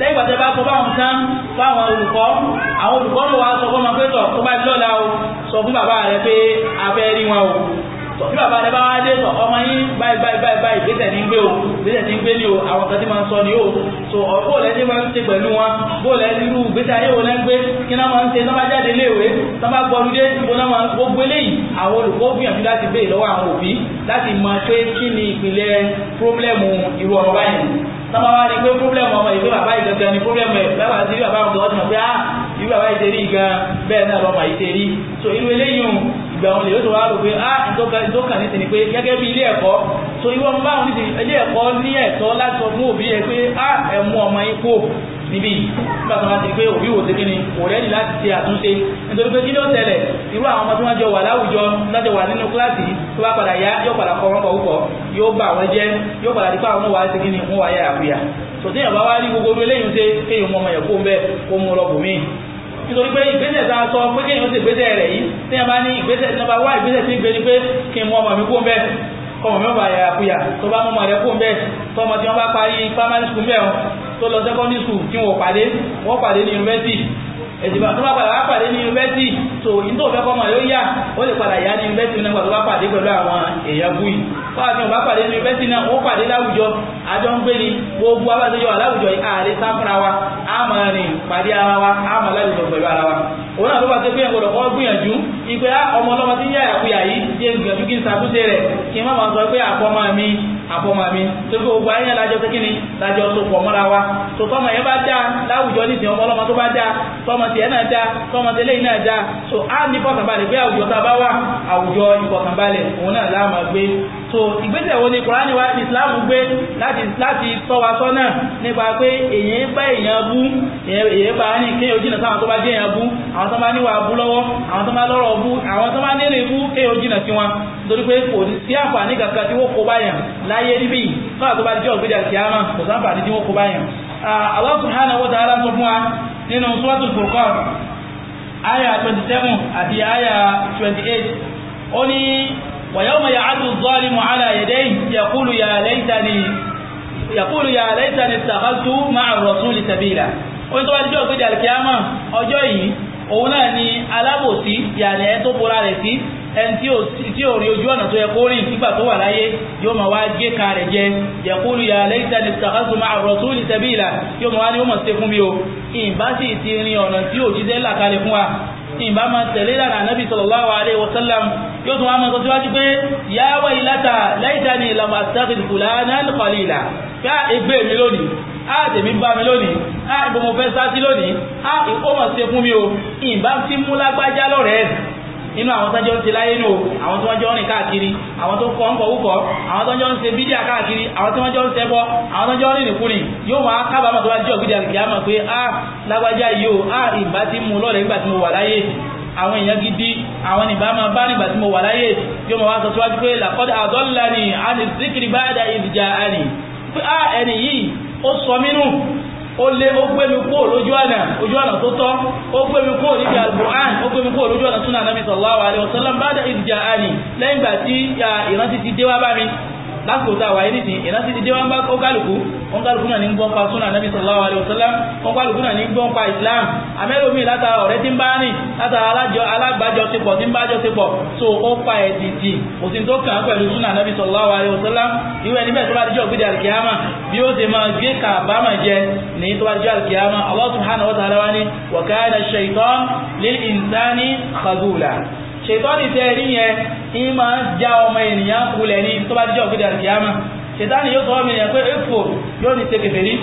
lẹ́yìn ìgbà tẹ́ bá sọ fáwọn tán fáwọn olùkọ́ àwọn olùkọ́ ló sọ fún ọmọ pé tó bá lọ́la o sọ fún bàbá rẹ pé a fẹ́ rí wọn o tọ̀ bí bàbá rẹ bá wá dé tọ̀ ọmọ yín báyìí báyìí báyìí báyìí ìgbésẹ̀ ní gbé o ìgbésẹ̀ ní gbé ní o àwọn kan tí máa ń so bó lẹ́ tí máa ń ṣe pẹ̀lú wọn bó lẹ́ irú ìgbésẹ̀ ayé wo lẹ́ ń gbé kí náà máa ń ṣe tọ́ba jáde léèwé tọ́ba gbọ́dú dé ibo tọ́ba wá rí pé pọ́blẹ́mù ọmọ ìgbé bàbá ìgangan ni pọ́blẹ́mù ẹ̀ bàbá àti rí bàbá ọ̀gá ọ̀dùnmọ̀ pé á ah, irú bàbá ìtẹ̀rí gan bẹ́ẹ̀ náà lọ́mọ ìtẹ̀rí so irú eléyìí ìgbà òun lè yóò tó wá rò pé á ìdókàn ní sinmi pé gẹ́gẹ́ bí ilé ẹ̀kọ́ so irú ọmọ báwọn ní ilé ẹ̀kọ́ ní ẹ̀tọ́ láti sọ fún òbí ah, ẹ pé á ẹ̀mú ọmọ yín kó níbí nígbàtí wọ́n ti pé òbí wò sí kíni kò rẹ́ni láti ṣe àtúnṣe nítorí pé kí ló tẹ̀lẹ̀ irú àwọn ọmọ tí wọ́n jọ wà láwùjọ lọ́jọ́ wà nínú kíláàsì tó bá padà yá yóò padà kọ́ wọn kọ̀ púpọ̀ yóò bà wọ́n jẹ́ yóò padà dípá àwọn wà sí kíni wọ́n wà yára kúyà tòtí yàrá wá rí gbogbo orí eléyìí ṣe kéèyàn mọ ọmọ yẹn kó ń bẹ kó mú lọ bùnmí nítorí pé ìgbésẹ̀ tá a sọ pé kéèyàn ṣe ìgbésẹ̀ rẹ̀ yìí tí a bá ní ìgbésẹ̀ tí a bá wá ìgbésẹ̀ tí ń gbé ni pé kí n mú ọmọ mi kó ń bẹ kọmọ mi ò bá yàrá kúyà tó bá mú ọmọ rẹ kó ń bẹ tọmọ tí wọn bá parí primary school bẹ́ẹ̀ tó lọ secondary school kí wọ́n pàdé wọ́n pàdé ní university ẹ̀sìnbà tó bá padà wá pàdé ní university so ìtò òfẹ́ kọ́mọ yóò yá ó lè padà yá ní university náà pàtó bá pàdé pẹ̀lú àwọn èèyàn búì fáwọn tí wọ́n bá pàdé ní university náà ó pàdé láwùjọ àjọ ń gbé ni gbogbo abájọyọ láwùjọ ààrẹ sáfúnra wa àmọ́ rìn pàdé ara wa àmọ́ láwùjọ pẹ̀lú ara wa òun náà ló bá ṣe pé ẹ̀gbọ́dọ̀ kọ́ gbìyànjú ìpè ah, ọmọ ọlọ́mọ tí ń yáyà kuyà yìí jẹ́ gbìyànjú kí n ṣàtúnṣe rẹ̀ kí n má máa sọ pé àkọ́mọ́ mi àbọ́mọ mi tó kí gbogbo ayé lájọ pé kíni lájọ tó pọ̀ mọ́ra wa tó tọ́mọ yẹn bá dá láwùjọ ní ìsìn ọmọ ọlọ́mọ tó bá dá tọ́mọ tiẹ̀ náà dá tọ́mọ tẹ́lẹ̀ yìí náà dá so á ní ìfọ̀kànbalẹ̀ pé àwùjọ tá a bá wà àwùjọ ìfọ̀kànbalẹ̀ òun náà láàmà gbé so ìgbésẹ̀ wo ni kùránì wá ìsìláàmù gbé láti láti tọ́ wa sọ́nà nípa pé èyàn bá èyàn bú èyàn bá ní kéyàn jìnà sáwọn tó bá jẹ́ èyàn bú àwọn tó bá níwà bú lọ́wọ́ àwọn tó bá lọ́rọ̀ bú àwọn tó bá nílé bú kéyàn jìnà sí wọn torí pé kò sí àǹfààní kankan tí wọ́n kó báyàn láyé níbí fún àtọ́bá jẹ́ ògbéjà sí àmà kò sáǹfààní tí wọ́n kó ó ní ويوم يعض الظالم على يديه يقول يا ليتني يقول يا ليتني اتخذت مع الرسول سبيلا wọ́n tó wá díjọ́ pé jàlìkíámà ọjọ́ yìí òun náà ni alábòsí yàní ẹ tó bora rẹ̀ sí ẹni tí ò rí ojú ọ̀nà tó yẹ kó rìn nígbà tó wà láyé yóò máa wá gé ka rẹ̀ jẹ yẹ̀kúrú yà lẹ́yìn tani sàkásù máa rọ̀ tó lè tẹ̀bí ìlà yóò máa wá ní ó mọ̀ sí fún mi o ìbá sì ti rin ọ̀nà tí òjíṣẹ́ là kalẹ̀ fún wa ìbá máa tẹ̀lé lànà anábì sallallahu alaihi wasallam yóò tún wá mọ́ sọ síwájú pé ya waylata laitani lam attakhidh fulanan qalila fẹ́ ẹgbẹ́ ah, mi lónìí á ah, tèmi bá mi lónìí á ah, ìbọn mo fẹ́ sá sí lónìí á ìkó mọ̀ sí fún mi o ìbá ti mú lágbájá lọ́rẹ̀ẹ́ inú àwọn tọ́jọ́ ń ṣe láyé nù àwọn tí wọ́n jọ ń rìn káàkiri àwọn tó kọ́ ń kọ́ wúkọ́ àwọn tọ́jọ́ ń ṣe bídíà káàkiri àwọn tí wọ́n jọ ń ṣe àwọn tọ́jọ́ ń rìn nìkúrìn yóò máa kábàámọ̀ tó bá jọ bídíà kìí àmọ̀ pé a lágbájá yìí o a ìbá ti mú lọ́rẹ̀ nígbà tí mo wà láyé àwọn èèyàn gidi àwọn ìbá máa bá nígbà tí mo wà láyé yóò máa wá sọ síwájú pé làkọ́dà àdọ́là ni a ní zikiri bá dá ìdìjà àní pé á ẹni yìí ó sọ mí nù ó lé ó gbé mi kúrò lójú ọ̀nà ojú ọ̀nà tó tọ́ ó gbé mi kúrò níbi al ó gbé mi kúrò lójú ọ̀nà súnà nàmi sallallahu alaihi wasallam bá dá ìdìjà àní lẹ́yìn ìgbà tí ìrántí ti dé wá bá mi lásìkò tá a wáyé nìsín ìrántí ti dé wá ń bá kọ́kálùkù wọn kálùkù náà ní ń gbọ́n pa súnà nàbí sallallahu alaihi wasallam wọn kálùkù náà ní ń gbọ́n pa islam amẹ́lòmíì látara ọ̀rẹ́ tí ń bá rìn látara alágbàjọsepọ̀ tí ń bá jọsepọ̀ so ó pa ẹ̀dìdì òsìn tó kàn án pẹ̀lú súnà nàbí sallallahu alaihi wasallam irú ẹni bẹ́ẹ̀ tó bá dijọ́ gbéde àlùkìyàmà bí ó ṣe máa gbé kàbámà jẹ ní tó bá dijọ́ àlùkìyàmà Allah subhanahu wa ta'ala wa ni wa kana ash-shaytan lil insani khazula ṣètọ́nì tẹ́ rí yẹn ń máa ń já ọmọ ènìyàn kulẹ̀ ní tó bá jẹ́ òkúta kìámà ṣètọ́nì yóò sọ ọmọ ènìyàn pé èfò yóò ní tẹkẹfẹ rí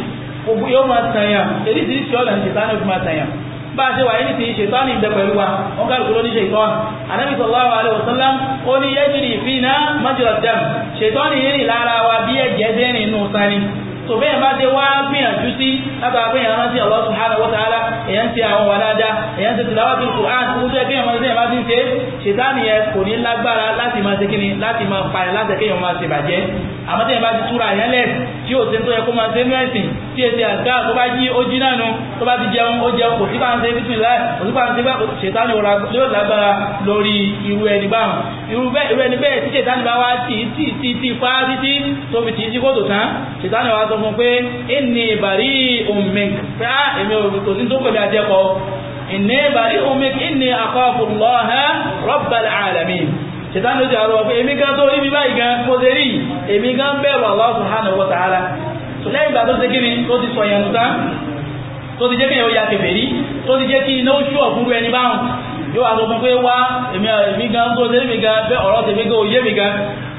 yóò máa tàyàn eríṣiríṣi ọ̀nà ṣètọ́nì ó fi máa tàyàn bá a ṣe wà ní ti ṣètọ́nì ìbẹ̀ pẹ̀lú wa wọn kàlùkù ló ní ṣètọ́n anábì sallallahu tó bẹ́ẹ̀ bá dé wá gbìyànjú sí látara pé èèyàn rántí Allah subhanahu wa ta'ala èèyàn ti àwọn wà dáadáa èèyàn ti tìlàwà bí Qur'an tó jẹ́ kéèyàn máa ṣe máa ti ń ṣe ṣètánì yẹn kò ní lágbára láti máa ṣe kí ni láti máa pààyàn láti kéèyàn máa ṣèbàjẹ́ àmọ́ tẹ́yìn bá ti túra èèyàn lẹ̀ tí ò sí tó yẹ kó máa ṣe nú ẹ̀sìn tí ẹsẹ̀ àǹká tó bá jí ó jí nánu tó bá ti jẹun ó jẹun kò sí bá ń ṣe bísí láì kò sí bá ń ṣe bá ṣètánì yóò lágbára lórí irú ẹni báwọn irú ẹni bẹ́ẹ̀ tí ṣètánì bá wá tì tì tì tì fa títí tó fi tì í sí kòtò tán ṣètánì wa sọ fún pé ẹnì ìbàrí òmìnir pé á ah, èmi ò kò sí tó pẹ̀lú àjẹkọ̀ọ́ ẹnì ìbàrí òmìnir ẹnì àkọ́kùnlọ́hà rọ́bàlì àlàmì ṣètánì ó ti àrọ̀ pé èmi gan tó rí mi báyìí gan kó lẹ́yìn ìgbà tó ṣe kí ni tó ti sọ yẹn tán tó ti jẹ́ kí yẹn ó ya kẹfẹ́ rí tó ti jẹ́ kí iná ó ṣú ọ̀gbúrú ẹni báwọn yóò wá sọ fún pé wá èmi gan tó ṣe èmi gan bẹ́ ọ̀rọ̀ tèmi gan òye mi gan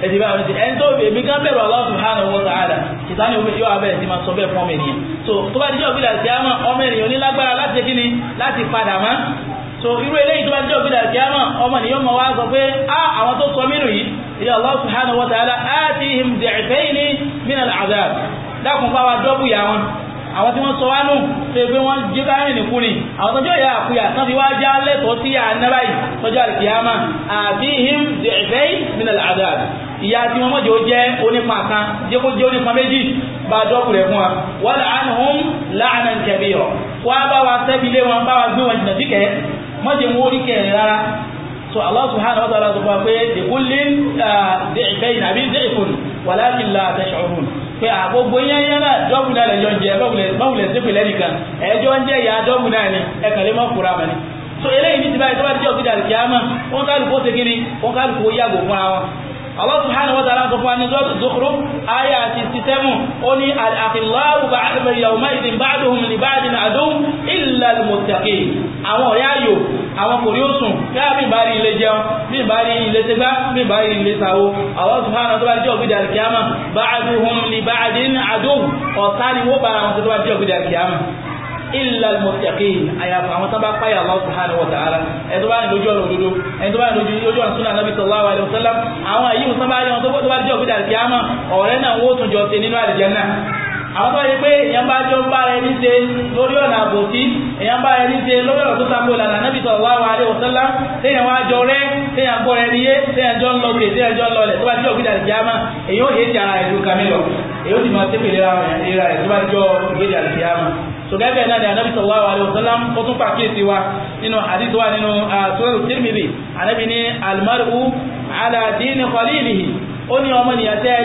ẹ̀dì báwọn ti ẹni tó èmi gan bẹ̀rù Allah subhanahu wa ta'ala ìtàn yóò yóò abẹ́rẹ́ sí máa sọ bẹ́ẹ̀ so tó bá dijọ́ bí làṣẹ àmọ́ ọmọ ènìyàn onílágbára láti ṣe kí ni láti padà mọ́ so irú eléyìí tó bá dijọ́ bí làṣẹ àmọ́ ọmọ ènìyàn mọ̀ wá sọ pé á àwọn tó sọ mí nù yìí Allah subhanahu wa ta'ala atihim di'fayni min al-'adhab dákun bá wa dọ́bù ìyá wọn àwọn tí wọ́n sọ wá nù ṣe pé wọ́n jẹ́ ká rìn nìkú ni àwọn tọ́jọ́ ìyá àkúyà tán fi wá já lẹ́tọ̀ọ́ sí ànábà yìí tọ́jọ́ àlùkìyàmá àbí him the very mineral adab ìyá tí wọ́n mọ̀jọ́ jẹ́ onípa kan jẹ́ kó jẹ́ onípa méjì bá dọ́kù rẹ̀ fún wa wọ́n láàánú hùm láàánú wa sẹ́bi lé wọn bá wa gbé wọn jìnà síkẹ̀ mọ́jẹ̀ wọn orí kẹrin rárá so Allah subhanahu wa ta'ala sọ fún wa pé ìkúlín ah, dẹ̀ẹ̀fẹ́ pé àgbogbo yẹn yẹn náà dọ́bù náà lẹ́jọ́ jẹ báwùlẹ̀ sípè lẹ́nìkan ẹjọ́ ń jẹ́ ìyá dọ́bù náà ni ẹ̀kànlẹ́ mọ́ kura mọ́ ni so eléyìí ní ti báyìí tó bá ti jẹ́ òkúta àti àmà wọn kálukú ó ṣe kí ni wọn kálukú ó yàgò fúnra wọn Allah subhanahu wa ta'ala sọ fún wa ní sọ́ọ̀tù Zukhruf ayà àti sísẹ́mù ó ní al-akhillau ba'duhum àwọn kò rí ó sùn kí á bí ìbá rí ilé jẹun bí ìbá rí ilé tẹgbá bí ìbá rí ilé sàwó àwọn sùhánà tó bá jẹ́ òbí dàrí kíámà bá àdúhùn ní bá àdín àdóhùn ọ̀tá ni wó bára wọn tó bá jẹ́ òbí dàrí kíámà illa almuttaqin àyàfà àwọn tán bá páyà Allah subhanahu wa ta'ala ẹni tó bá ní lójú ọ̀nà òdodo ẹni tó bá ní lójú ọ̀nà súnà Nabi sallallahu alaihi wasallam àwọn àyí musamman àyè wọn tó bá jẹ́ òkúta àkíyàmà ọ̀rẹ́ náà wó tún jọ ṣe nínú àlùjánnà àwọn tó yẹ pé ìyẹn bá jọ ń bára ẹni ṣe lórí ọ̀nà àbòsí èèyàn bá ẹni ṣe lọ́wọ́lọ́ tó tako ìlànà Ànábì sallallahu alaihi wasallam téèyàn wá jọ rẹ́ téèyàn gbọ́ ẹni yé téèyàn jọ ń lọ kè téèyàn jọ ń lọlẹ̀ tó bá jọ gbídà ìjà má èyí ó yé ti ara ẹ̀dùn kàmí lọ èyí ó sì máa tẹ́pẹ̀ lera ìlera rẹ̀ tó bá jọ gbídà ìjà má sọgẹ́gẹ́ náà ni Ànábì sallallahu alaihi wasallam ó tún pàkíyèsí wa nínú hadith nínú ah, Sunan Tirmidhi ní al-mar'u ala dini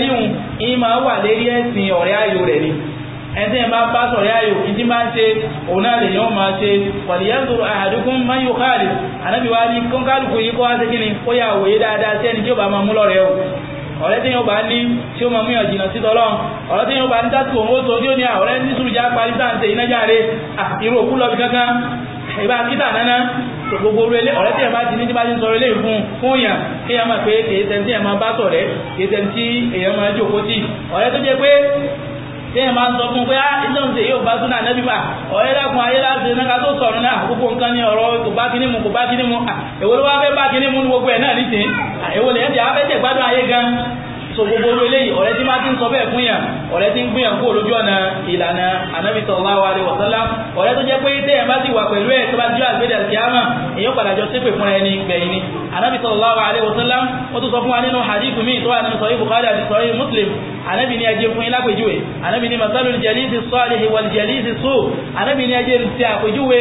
ríhun ìmọ̀ wà lérí ẹ̀sìn ọ̀rẹ́ ayò rẹ̀ ni ẹni ẹ̀ máa bá sọ̀rọ̀ yáyò ìdí máa ń ṣe òun náà lè yọ́ máa ṣe pàdíyàtò àhàdùkún máa yóò káàdì ànábì wá ní kọ́ńkálùkù yìí kọ́ wá sí kíni ó yà wòye dáadáa sí ẹni tí ó bá máa mú lọ́rẹ̀ o ọ̀rẹ́ tí yóò bá ní tí ó máa múyàn jìnnà títọ́ lọ́n ọ̀rẹ́ tí yóò bá ní tásìkò owó tó tí ó ní àwọ̀rẹ́ ní sùúrùjá parí sáǹtẹ̀ iná járe irú òkú lọ́bi kankan ìbá kíta nánà gbogbo ọ̀rẹ́ tí ẹ̀ bá ti ní tí bá ti ń sọ̀rọ̀ ilé ìfún fún yàn kí ẹ máa pé kìí tẹ́ntí ẹ̀ máa bá sọ̀rẹ́ kìí tẹ́ntí èèyàn máa jókòó tì ọ̀rẹ́ tó jẹ́ pé téèyàn máa ń sọ fún pé á ìtọ́nù sí yóò bá súnà nẹ́bí mà ọ̀rẹ́ dákun ayé láti ṣe náà tó sọ̀rọ̀ náà gbogbo nǹkan ní ọ̀rọ̀ kò bá kíní mu kò bá kíní mu ah, èwo ló bá kíní mu ní gbogbo ẹ̀ so gbogbo olú eléyìí ọ̀rẹ́ tí máa ti ń sọ bẹ́ẹ̀ fún yàn ọ̀rẹ́ tí ń gbìyàn kó lójú ọ̀nà ìlànà Ànábì sallallahu alaihi wasallam ọ̀rẹ́ tó jẹ́ pé téèyàn bá ti wà pẹ̀lú ẹ̀ tó bá jẹ́ àgbéjà kíámà èyàn padà jọ ṣépè fún ẹni gbẹ̀yìn ni Ànábì sallallahu alaihi wasallam ó tún sọ fún wa nínú hadith mi tó wà nínú sahih Bukhari àti sahih Muslim Ànábì ní ẹjẹ fún ilápèjúwe Ànábì ní masalu jẹlíìsì sọ́ọ̀lì wal jẹlíìsì sọ Ànábì ní ẹjẹ ti àpèjúwe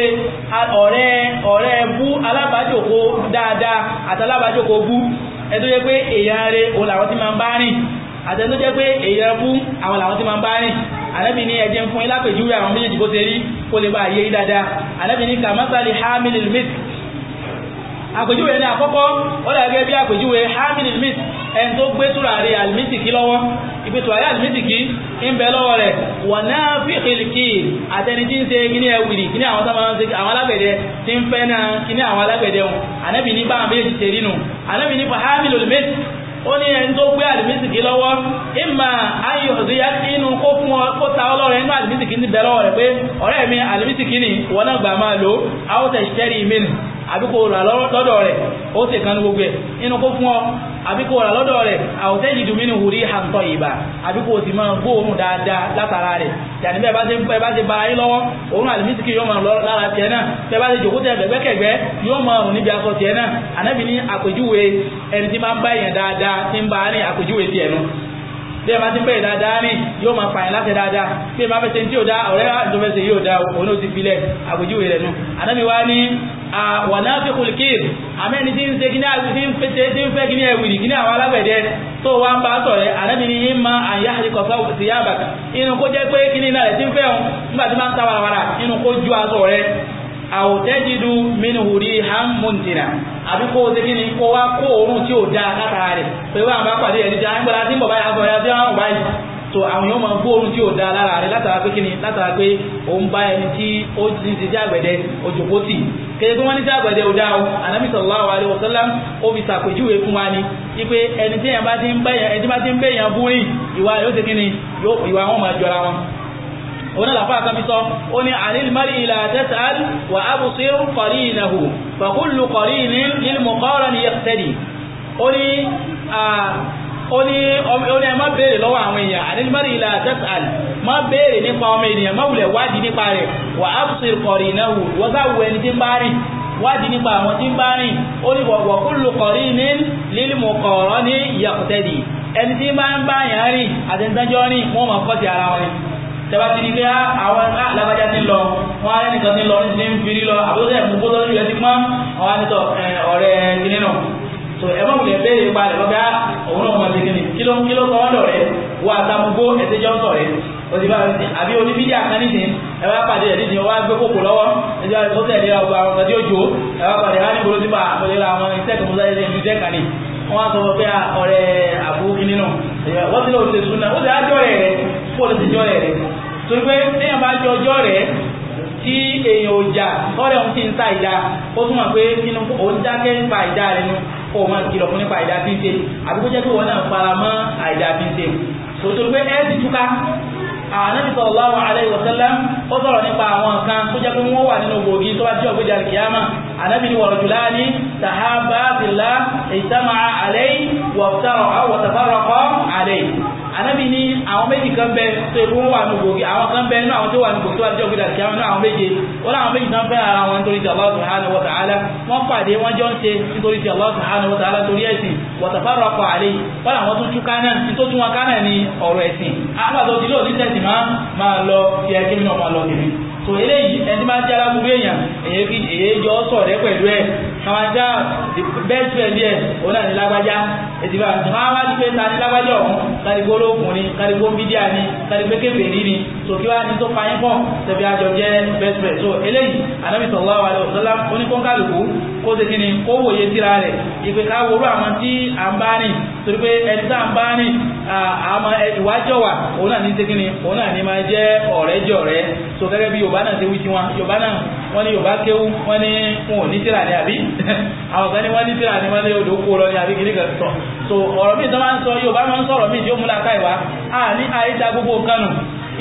ọ̀rẹ́ ọ̀rẹ́ bú alábàájòkó dáadáa àtàlábàájòkó bú ẹni tó jẹ́ pé èèyàn rẹ̀ òun làwọn ti máa ń bá rìn àtẹni tó jẹ́ pé èèyàn bú àwọn làwọn ti máa ń bá rìn ànábì ní ẹjẹ́ ń fún yín lápèjúwe àwọn méjèèjì bó ṣe rí kó lè bá àyè dáadáa ànábì ní ẹni tó gbé tùràrí àlìmísìkí lọ́wọ́ ìgbé tùràrí àlìmísìkí ń bẹ lọ́wọ́ rẹ̀ wà náà fi ìlìkì àtẹni tí ń ṣe kíní ẹwìrì kíní àwọn sábà ń ṣe àwọn alágbẹ̀dẹ tí ń fẹ́ náà kíní àwọn alágbẹ̀dẹ wọn ànábì ní bá àbẹ́yẹ ti tẹ̀rí nù ànábì ní lòlùmẹ́sì ó ní ni náà gbà máa lò rà lọ́dọ̀ rẹ̀ ó sì àbí kò rà lọ́dọ̀ rẹ̀ àwòtẹ́ yìí dùn mí ní hùrí àǹtọ̀ ìbà àbí kò sì máa gbóòórùn dáadáa látara rẹ̀ yàní bẹ́ẹ̀ bá ti bẹ́ẹ̀ bá ti bara yín lọ́wọ́ òun àlùmísìkì yóò máa lọ lára tiẹ̀ náà bẹ́ẹ̀ bá ti jòkó tẹ̀ gbẹ́gbẹ́kẹ̀gbẹ́ yóò máa rùn níbi aṣọ tiẹ̀ náà ànábì ní àpèjúwe ẹni tí máa ń bá èèyàn dáadáa tí ń bá ní àpèjúwe tiẹ̀ nu bí ẹ bá ti ń dáadáa ní yóò máa pààyàn láti dáadáa bí ẹ bá fẹ́ tí yóò dá ọ̀rẹ́ àti tó yóò dá òun ó ti filẹ̀ àpèjúwe rẹ̀ nu ànábì wá ní a kíl àmẹ́ni tí ń ṣe kí ní fẹ́ kí ní ẹ̀wìrì kí ní àwọn alágbẹ̀dẹ tó wá ń bá sọ̀rẹ́ ànábìnrin yìí ma àyà àríkọ̀sọ́ sí yábàkà inú kó jẹ́ pé kí ní náà tí ń fẹ́ hàn nígbà tí máa ń ta warawara inú kó ju aṣọ rẹ̀ àwòtẹ́jìdú mínúhùrí àbí kó o ṣe kí ni kó wá kó òórùn tí ò rẹ̀ pé wọ́n àbá so àwọn yóò máa gbóòórùn tí ò da lára rẹ̀ látara pé kíni látara pé ó ń bá ẹni tí ó ti ń ṣiṣẹ́ àgbẹ̀dẹ òjòkó tì kéde pé wọ́n ní ṣe àgbẹ̀dẹ òdà o ànábì sallallahu alaihi wasallam ó fi ṣàpèjúwe fún wa ni wípé ẹni tí èèyàn bá ti ń bẹ̀yàn ẹni tí bá ti ń bẹ̀yàn búrìn ìwà yóò ṣe kíni ìwà wọn máa jọra wọn ona lafa kan biso oni anil mari la tasal wa absir qarinahu fa kullu qarinin anil mar'i la tas'al má béèrè nípa ọmọ ènìyàn má wulẹ̀ wádìí nípa rẹ̀ wà absir qarinahu wọ́n sá wù ẹni tí ń bá rìn wádìí nípa àwọn tí ń bá rìn ó ní wa kullu qarinin lil muqarani yaqtadi ẹni tí bá ń bá yàn rìn àtẹ̀ntẹ́jọ́ rìn wọ́n mọ̀ kọ́ sí ara wọn tẹ́bá ah, ah, ní so ẹ̀mọ́ wulẹ̀ bẹ́ẹ̀ ipa rẹ̀ lọ́gbẹ́ ah, òun náà mọ̀ sí kọ́ ọ́dọ̀ rẹ̀ wọ àtàmúgbó ẹsẹ̀ jọ ń sọ rẹ òsì bá mi àbí oníbídíà kan nísìn ẹ wá pàdé rẹ nísìn wá gbé kókò lọ́wọ́ ẹjọ́ ó tẹ̀lé ra ọgbà ọ̀gá tí ó jò ẹ wá pàdé wá ní gbòòrò sípa àpòlè ra àwọn iṣẹ́ tó múlá ẹsẹ̀ ìdíjẹ́ kan ní wọ́n á sọ wọ́n pé ọ̀rẹ́ àbúkí nínú wọ́n ti lọ́ọ́ ṣe súnà ó sì á jọ́ rẹ̀ rẹ̀ kó lè ti jọ́ rẹ̀ rẹ̀ torí pé téèyàn bá jọ ọjọ́ rẹ̀ tí èèyàn ò jà ọ̀rẹ́ òun ti ń ta ìdá ó túmọ̀ pé nínú òun dákẹ́ nípa ìdá rẹ̀ nu kó o máa kìlọ̀ fún nípa ìdá tí ń ṣe àbí kó jẹ́ pé wọ́n náà fara mọ́ àìdá tí ń ṣe tòótọ́ pé ẹ ti túká ah, Ànábì sallallahu alaihi wasallam ó sọ̀rọ̀ nípa àwọn nǹkan tó jẹ́ pé wọ́n wà nínú gbòógì tó bá jẹ́ ògbé jà kìyàmà Ànábì ni warajulani tahaba fillah ijtama'a alaihi wa iftaraqa wa tafarraqa anábì ní àwọn méjì kan bẹ tó ewu wà nù gòkè àwọn kan bẹ nínú àwọn tó wà nù gòkè tó wà ní ọgbẹ́dà kí àwọn náà àwọn méje ó láwọn méjì tán fẹ́ ara wọn nítorí ti Allah subhanahu wa ta'ala wọ́n pàdé wọ́n jọ ń ṣe nítorí ti Allah subhanahu wa ta'ala torí ẹ̀sìn wọ̀tàfàrọ̀ ọkọ̀ àlè wọ́n làwọn tún túká náà tó tún wọn ká náà ní ọ̀rọ̀ ẹ̀sìn àgbàdo tí lóòótọ́ tẹ̀sí máa lọ ti ẹ̀kí mi náà máa lọ tèmi so eléyìí ẹni máa ń jẹ́ alágbègbè èèyàn èyí jọ sọ̀rẹ́ pẹ̀lú ẹ̀ kàmájá bẹ́ẹ̀ tí ẹ̀ díẹ̀ òun náà ní lágbájá ètìbá máa wá sí pé ta ní lágbájá ọ̀hún kárìgbó lóògùnrin kárìgbó bídíà ni kárìgbé kébèrè ni so kí wá ní tó payín pọ̀ tẹ̀bí àjọ jẹ́ best friend so eléyìí Ànábì sallallahu alaihi wasallam oníkọ́ńkàlùkù kó ṣe kí ni kó wòye síra rẹ̀ ìpè ká worú àwọn tí à ń bá rìn torí pé ẹni tá à ń bá rìn àmọ́ ìwájọ́ wà òun náà ní ṣe kí ni òun náà ní máa jẹ́ ọ̀rẹ́jọ̀rẹ́ so gẹ́gẹ́ bí Yorùbá náà ṣe wí tiwọn Yorùbá náà wọ́n ní yorùbá kéwú wọ́n ní wọn ò ní tíra ní àbí àwọn kan ní wọ́n ní tíra ní wọ́n ní odò kó lọ ní àbí kìíní kan sọ so ọ̀rọ̀ mi tó máa ń sọ yorùbá máa ń sọ̀rọ̀ mi tí ó múlá káìwá a ní àyíta gbogbo kanu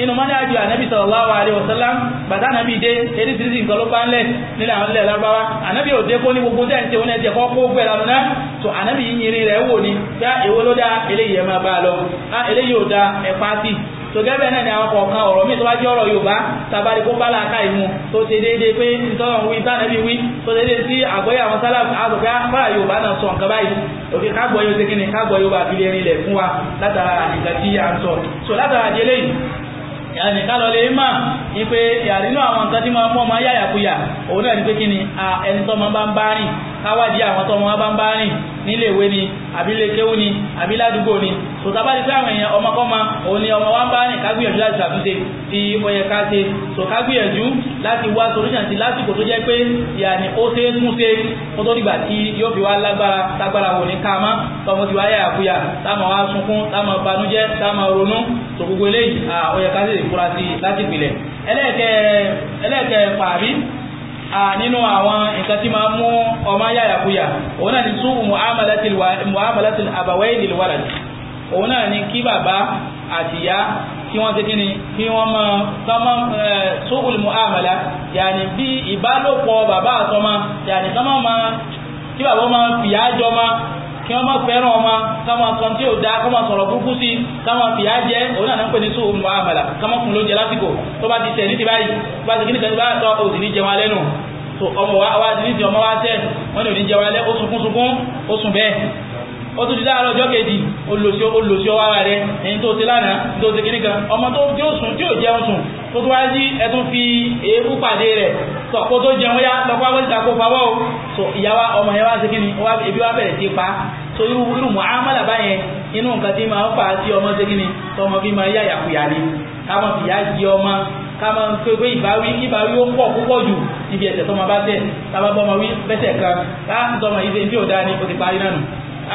inú mọ́ni àjò ànábì sallallahu alaihi wasallam bàtà ànábì dé eréṣiríṣi nǹkan ló bá ń lẹ̀ nílẹ̀ àwọn ilẹ̀ lágbáwá ànábì ò dé kó ní gbogbo tẹ́ ń tẹ oní ẹ̀jẹ̀ kọ́ kó gbẹ lánàá náà tó ànábì yìnyín rẹ̀ wò ni bí a èwo ló dáa eléyìí ẹ̀ máa bá a lọ a eléyìí ò dáa ẹ̀ pàtì tògẹ́bẹ̀ náà ni àwọn kọ̀ọ̀kan ọ̀rọ̀ míì tó bá jẹ́ ọ̀rọ̀ Yorùbá tàbárí kó bá láàká ìmú tó ṣe déédé pé ìtọ́lọ̀hún wí tánàbí wí tó ṣe déédé sí àgbọ́yé àwọn sálàbù ah, àgbọ̀gbẹ́ àpárá Yorùbá náà sọ nǹkan báyìí òkè kágbọ́ yóò ṣe kíni kágbọ́ Yorùbá àbílẹ̀ rinlẹ̀ fún wa látara ìgbà tí a ń sọ so látara jẹlẹ́ yìí ẹnìkan lọ káwádìí àwọn tọmọ wọn bá ń bá rìn nílé ìwé ni àbí ilé kéwú ni àbí ládùúgbò ni sòtábàdì pé àwọn èèyàn ọmọkọ́mọ òun ni ọmọ wa ń bá rìn kágbìyànjú láti ṣàtúnṣe tí ó yẹ ká ṣe sò kágbìyànjú láti wá solution sí lásìkò tó jẹ́ pé ìyàní ó ṣe ń múṣe kó tó dìgbà tí yóò fi wá lágbára tágbára wò ní káàmá tọmọ ti wá yà àkúyà táàmà wá sunkún táàmà banújẹ́ táàmà ronú sò gbogbo eléyìí ó ká sì kúra láti pìlẹ̀ ẹlẹ́ẹ̀kẹ́ pàrí nínú àwọn nǹkan tí máa mú ọmọ yàyàkuyà òun náà ni sún muamalatil abawayi lil walad òun náà ni kí bàbá àtìyá kí wọ́n ti kíni kí wọ́n mọ sọmọ ẹ muamala yàní bí ìbálòpọ̀ bàbá àtọmọ yàní sọmọ máa kí bàbá máa fìyà jọ kí wọ́n má fẹ́ràn ọmọ ká máa sọ tí ò dáa ká máa sọ̀rọ̀ burúkú sí ká máa fìyà jẹ òun náà pè ní sùúrù mu àmàlà ká má fún lóúnjẹ lásìkò tó bá ti tẹ̀ ní ti báyìí tó bá ti kí ní tẹ̀sí bá tọ́ òsì ní jẹun alẹ́ nù tó ọmọ wa wá ní ti ọmọ wa tẹ̀ wọ́n ní òní jẹun alẹ́ ó sunkún sunkún ó sùn bẹ́ẹ̀ ó tún ti láàárọ̀ ọjọ́ kejì olùsí olùsí ọwọ́ ara rẹ ẹni tó ti lánàá tó ti kiri kan ọmọ tó tí ó sùn tí ó jẹun sùn tó tún wáyé sí ẹtún fi eékú pàdé rẹ sọ̀kó tó jẹun yá lọ́kọ́ àwọn kó pawọ́ o so ìyá ọmọ yẹn wá sí kí ebi wá bẹ̀rẹ̀ sí pa so irú irú mu'amala báyẹn inú nǹkan tí máa ń fà á sí ọmọ ṣe kíni tọmọ bí máa yáyà kuyà ni ká máa fìyà jẹ ọmọ ká máa ń pé pé ìbáwí ìbáwí ó pọ̀ púpọ̀ jù níbi ẹ̀ṣẹ̀ tọmọ bá tẹ̀ tábà bọ́mọ wí bẹ́sẹ̀ kan ká ń tọmọ yìí ṣe bí ò dáa ni o ti parí náà nù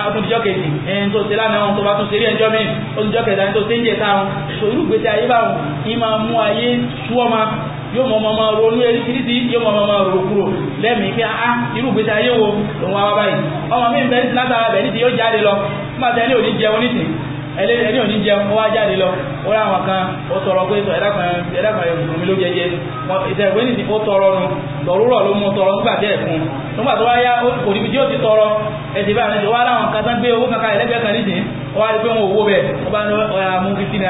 àwọn ìjọ kejì ẹni tó ṣe lánàá wọn tó bá tún ṣe rí ẹjọ́ mi ó ti jọ kẹta ẹni tó ṣe ń jẹ táwọn so irú gbèsè ayé báwọn ìmọ̀ mú ayé sú ọmọ yóò mọ ọmọ máa ronú eréṣiríṣi yóò mọ ọmọ máa ro kúrò lẹ́mìí kí ah, irú ayé wo lòun wá wá báyìí ọmọ mi bẹ látara bẹ̀ nídìí yóò jáde lọ nígbà tí ẹni ò ní jẹun nísìn ẹni ò jáde lọ ó rá àwọn kan ó tọrọ pé ẹ̀dá kan ẹ̀dá kan ẹ̀kùnrin mi ló jẹjẹ ìtẹ̀wé ó tọrọ nu tọrọ nígbà nígbà tó wá yá kò níbi tọrọ bá kan gbé owó kankan ẹ̀lẹ́gbẹ̀ẹ́ kan ó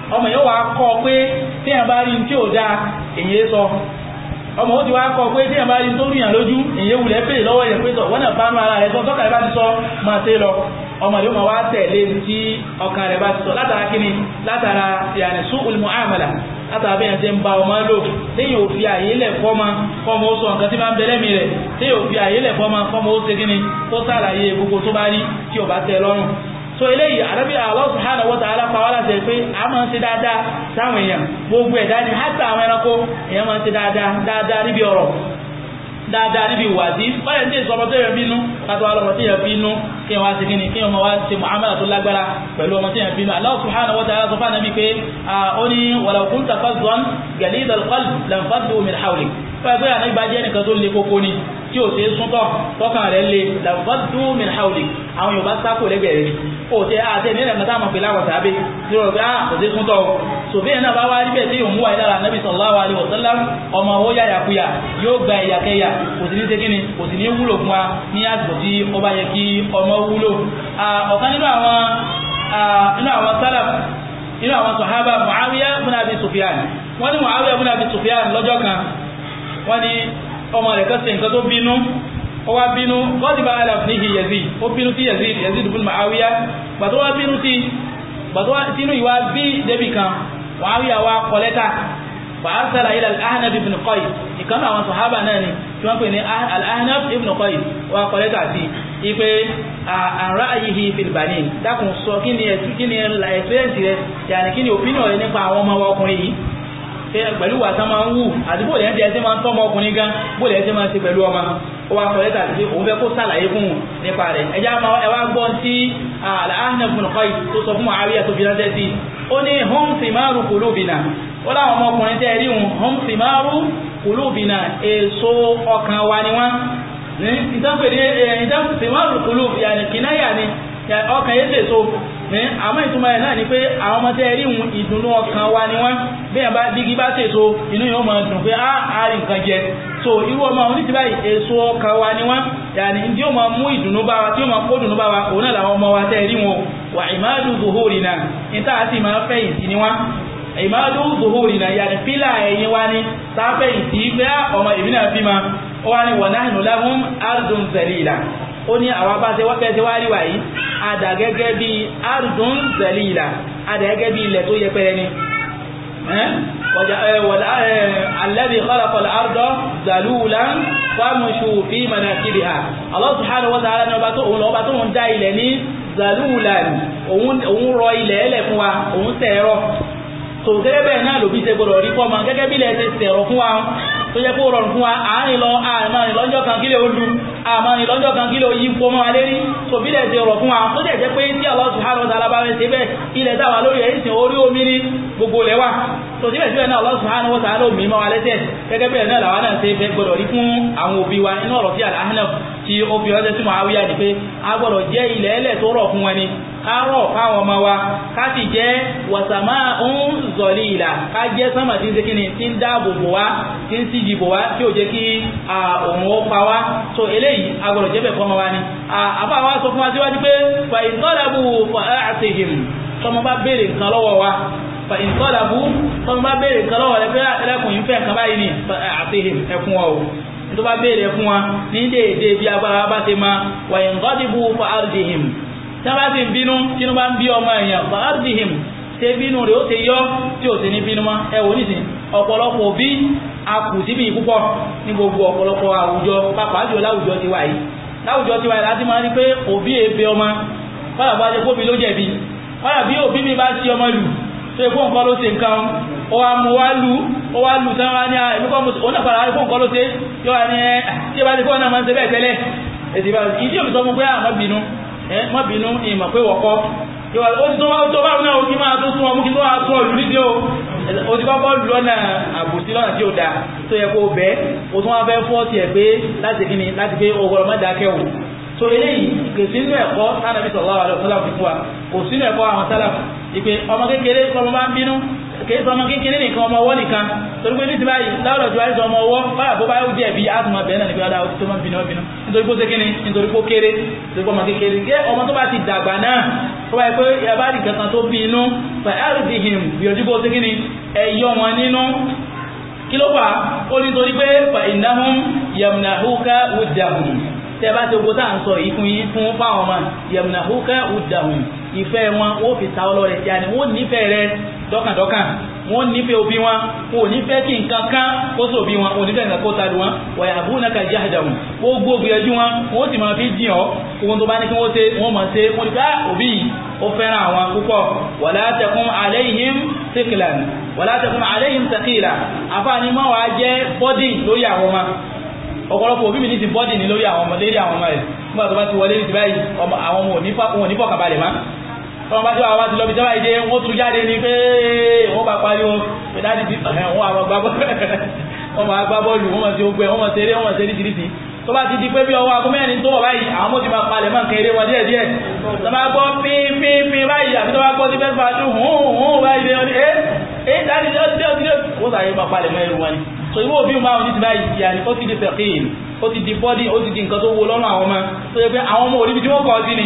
ọmọ yóò wá kọ́ pé tí èèyàn bá rí tí ò dáa èyí sọ ọmọ ó ti wá kọ́ pé tí èèyàn bá rí tó rìyàn lójú èyí wulẹ̀ pè lọ́wọ́ yẹn pé sọ wọ́n náà fánú ara rẹ̀ sọ tọ́ka rẹ̀ bá ti sọ máa ṣe lọ ọmọ yóò máa wá tẹ̀lé tí ọkàn rẹ̀ bá ti sọ látara kíni látara yàní su'ul mu'amala látara bí yẹn ti ń so eléyìí ànábì Allah subhanahu wa ta'ala pa wá láṣẹ pé a máa ń ṣe dáadáa sáwọn èèyàn gbogbo ẹ̀dá ni hátà àwọn ẹranko èèyàn máa ń ṣe dáadáa dáadáa níbi ọ̀rọ̀ dáadáa níbi ìwádìí báyẹ̀ ní ìsọ̀rọ̀ tó yẹn bínú kátó wá lọ́mọ tí yẹn bínú kí wọ́n á ti kíni kí wọ́n wá ti muhammadu tó lágbára pẹ̀lú ọmọ tí yẹn bínú Allah subhanahu wa ta'ala sọ fún ànábì pé ó ní walaw kunta fazzan galidal qalbi lanfaddu min hawlik fẹ́gbẹ́ àníbá jẹ́ nìkan tó le kókó ni tí ò sí súntọ̀ tọ́kàn rẹ̀ le lanfaddu min hawlik àwọn Yorùbá sákò lẹ́gbẹ̀ẹ́ rẹ̀ òtẹ àti ẹni ẹ̀rẹ̀ mẹ́ta àmọ̀pẹ̀ láwọ̀tà abẹ́ tí ó rọ̀ pé àà ah, kò sí kúntọ̀ sòfin ẹ̀nà bá wá rí bẹ́ẹ̀ tí yóò mú àìlára anábì sallallahu alaihi wasallam ọmọ owó yàyàkuyà yóò gba ìyàkẹyà kò sí ní ṣe kíni kò sí ní wúlò fún wa ní àsìkò tí ó bá yẹ kí ọmọ wúlò ọ̀kan nínú àwọn nínú àwọn sálà nínú àwọn sàhábà Muawiya ibn Abi Sufyan wọ́n ní Muawiya ibn ó wá bínú gọ́dìbà aláfíhì yazid ó bínú sí yazid yazid bin ma'awiya gbàtọ́ wá bínú sí gbàtọ́ sínú ìwà bí débì kan ma'awiya wá kọ́lẹ́tà fàársàlà ilẹ̀ al-ahnaf ibn qais ìkan àwọn sọ̀hábà náà ni tí wọ́n pè ní al-ahnaf ibn qais wá kọ́lẹ́tà sí ipe àrà ayíhi filibani dákun sọ kí ni ẹ̀sùn kí ni ẹ̀sùrẹ́ǹsì rẹ yàní kí ni opinion rẹ nípa àwọn ọmọ ọkùnrin yìí pẹ̀lú wàtá máa ń wù àti bóòlù ẹ̀ ń tẹ́ ẹ ti máa ń tọ́ ọmọ ọkùnrin gan bóòlù ẹ̀ máa ń ṣe pẹ̀lú ọmọ ó wá sọ lẹ́tà sí òun fẹ́ kó sàlàyé fún un nípa rẹ̀ ẹjá máa ẹwà gbọ́ tí àlàáhìnàfún kọ́ tó sọ fún àríyá tó fi ránṣẹ́ sí ó ní kulubina ó láwọn ọmọkùnrin tẹ́ rí kulubina èso ọkàn wa ni wọ́n ní kìnnáyà ni ọkàn ní àmọ́ ìtumọ̀ ẹ̀ náà ni pé àwọn ọmọ tẹ́ rí wọn ìdùnnú ọkàn wa ni wọ́n bí so irú ọmọ àwọn oníṣẹ́ báyìí èso ọkà wa ni wọ́n yàní tí ó máa mú ìdùnnú bá wa tí ó máa kó ìdùnnú bá wa òun náà làwọn ọmọ wa tẹ́ rí wọn wà ìmáàdù zuhurina níta àti máa fẹ̀yìntì ni wọ́n ìmáàdù zuhurina yàní pílà ẹ̀yìn wa ni tá a fẹ̀yìntì pé ah, ọmọ ìbí náà fi ma ó wá ní wọ̀nà ìnúláhùn ardùn zẹ̀lìlà ó ní àwọn abáṣe wọ́pẹ́ṣe wá rí wà yìí àdà gẹ́gẹ́ bí ardùn zẹ̀lìlà àdà gẹ́gẹ́ bí ilẹ̀ Eh? Eh, eh, alladhi khalaqa al-arda zalulan famshu fi manakibiha Allah subhanahu wa ta'ala ní ọba tó òun lọ́ba tó ń dá ilẹ̀ ní zalulan òun rọ ilẹ̀ ẹlẹ̀ fún wa òun tẹ̀ ẹ̀rọ tó gẹ́gẹ́ bẹ́ẹ̀ náà lòbí ṣe gbọdọ̀ rí fọ́ọ̀mà gẹ́gẹ́ bí ilẹ̀ ṣe tẹ̀rọ fún wa tó jẹ́ kó rọrùn fún wa àárín lọ àmàrin lọ́jọ́ kan kílẹ̀ olú àmàrin lọ́jọ́ kan kílẹ̀ oyí pọ́ mọ́ alérí tó bí lẹ̀ ti rọ̀ fún wa tó jẹ́ jẹ́ pé tí Allah subhanahu wa ta'ala bá rẹ̀ ṣe bẹ́ẹ̀ ilẹ̀ táwa lórí ẹ̀yìn orí omi ní gbogbo lẹ́wà tó síbẹ̀ síbẹ̀ náà Allah subhanahu wa ta'ala òmì mọ́ sí àlàáhánà sí Muawiya ni pé kárọ̀ fáwọn ọmọ wa ká sì jẹ́ wàsàmá ń zọ̀lì ìlà ká jẹ́ sánmà tí ń ṣe kíni tí ń dáàbò wá tí ń síjì bò wá tí ò jẹ́ kí òun ó pa wá so eléyìí agbọ̀dọ̀ jẹ́ bẹ̀ fọ́mọ wa ni àbá wa sọ fún wa síwájú pé fa ìtọ́lẹ̀bù fa àtìhìm tọmọ bá béèrè fa ìtọ́lẹ̀bù tọmọ bá béèrè nǹkan lọ́wọ́ rẹ pé ẹlẹ́kùn yìí fẹ́ nǹkan fa àtìhìm ẹkún wa o tó bá béèrè fún wa ní déédéé bí agbára bá fa àrùdìhìm sábà sì ń bínú tínú bá ń bí ọmọ èèyàn bàbáàdìhìm ṣe bínú rẹ̀ ó ti yọ tí ò sì ní bínú mọ́ ẹ wò nísìn ọ̀pọ̀lọpọ̀ òbí akùsíbì púpọ̀ ní gbogbo ọ̀pọ̀lọpọ̀ àwùjọ pàápàá jù láwùjọ tiwa yìí láwùjọ tiwa yìí láti máa rí pé òbí èébé ọmọ kọ́lá bá ṣe kóbi ló jẹ̀bi kọ́lá bí òbí mi bá ṣe ọmọ lù tó ikú nǹkan ló ṣe nǹkan ó wá mú wá lù ó wá lù tán wá ní àìmíkọ́ òun náà padà ikú nǹkan ló ṣe yóò wá ní ẹ tí ẹ bá ti kọ́ náà máa ń ṣe bẹ́ẹ̀ tẹ́lẹ̀ èdè ìbá ìdí òbí sọ fún pé àmọ́ bínú ẹ má bínú ìmọ̀ pé wọ̀kọ́ ó ti tó bá tó bá náà kí máa tó sún ọmú kí tó wá sún ọlù nídìí o ó ti kọ́kọ́ lù lọ́nà àbòsí lọ́nà tí ó da tó yẹ kó bẹ́ ó tún wá fẹ́ fọ́ tiẹ̀ pé láti kíni láti pé ọgbọ̀rọ̀ má dákẹ́ o so eléyìí kò sí nínú ẹ̀kọ́ tánàbí sallallahu alaihi wasallam fún wa kò sí nínú ẹ̀kọ́ àwọn sálàfù ìpè ọmọ kékeré ọmọ bá ń kìí sọmọ kékeré nìkan ọmọ ọwọ́ nìkan torí pé nítorí báyìí láwùrọ̀ tí wáyé sọ ọmọ ọwọ́ báyà tó báyà ó jẹ́ bí àtúmọ̀ bẹ́ẹ̀ náà nígbà dáa ó ti tó máa bínú bínú nítorí pé ó sékéne nítorí pé ó kéré nítorí pé ọmọ kékeré gé ọmọ tó bá ti dàgbà náà tó báyìí pé yaba rí kankan tó bí inú by rdhim gbìyànjú pé ó sékéne ẹ̀yọ́ wọn nínú kí ló fà ó nítorí pé fa innahum dọ́kàndọ́kàn wọ́n nífẹ̀ẹ́ òbí wọn wọn ò nífẹ̀ẹ́ kí nǹkan kan kó sọ òbí wọn oníkẹ́ nǹkan kó tàbí wọn wọ̀yà àbúnaka jẹ́ àjàmù ó gbó gbìyànjú wọn wọ́n sì máa fi jìn ọ́ ohun tó bá ní kí wọ́n ṣe wọ́n mọ̀ ṣe wọ́n dá ah, òbí ó fẹ́ràn àwọn púpọ̀ wala takum alayhim thiqlan wala takum alayhim thaqila àfáàní mọ́ wàá jẹ́ bọ́dì lórí àwọn ọmọ ọ̀pọ̀lọpọ̀ òbí mi ní ti bọ́dì ní lórí àwọn ọmọ lórí àwọn ọmọ rẹ̀ nígbà tó bá ti wọlé ní ti báyìí àwọn ọmọ ònífọ̀kàbalẹ̀ máa tọ́wọ́n bá tí wàá wá ti lọ bí sábà ìdí wọ́n tún jáde ní pé wọ́n bá parí wọn pé dáàdì bí wọ́n àwọn gbá bọ́ọ̀lù wọ́n máa gbá bọ́ọ̀lù wọ́n máa ti ogun ẹ̀ wọ́n máa ṣeré wọ́n máa ṣeré tìrìtì tó bá ti di pé bí ọwọ́ akọ́ mẹ́rin tó wọ̀ báyìí àwọn mọ̀ ti máa palẹ̀ máa kéré wọn díẹ̀ díẹ̀ tó bá gbọ́ pínpín báyìí àbí tó bá gbọ́ sí bẹ́ẹ̀ bá tún hùn hùn báyìí lé ọdún ẹ́ ẹ́ dáàdì ní ọdún ọdún ó sàyẹ̀ máa palẹ̀ mẹ́rin wọn ni so irú òbí máa ń ti báyìí ìyá ni ó ti di fẹ̀kìn ó ti di bọ́dí ó ti di nǹkan tó wo lọ́rùn àwọn ọmọ tó yẹ pé àwọn ọmọ òrí bí tí wọ́n kọ́ sí ni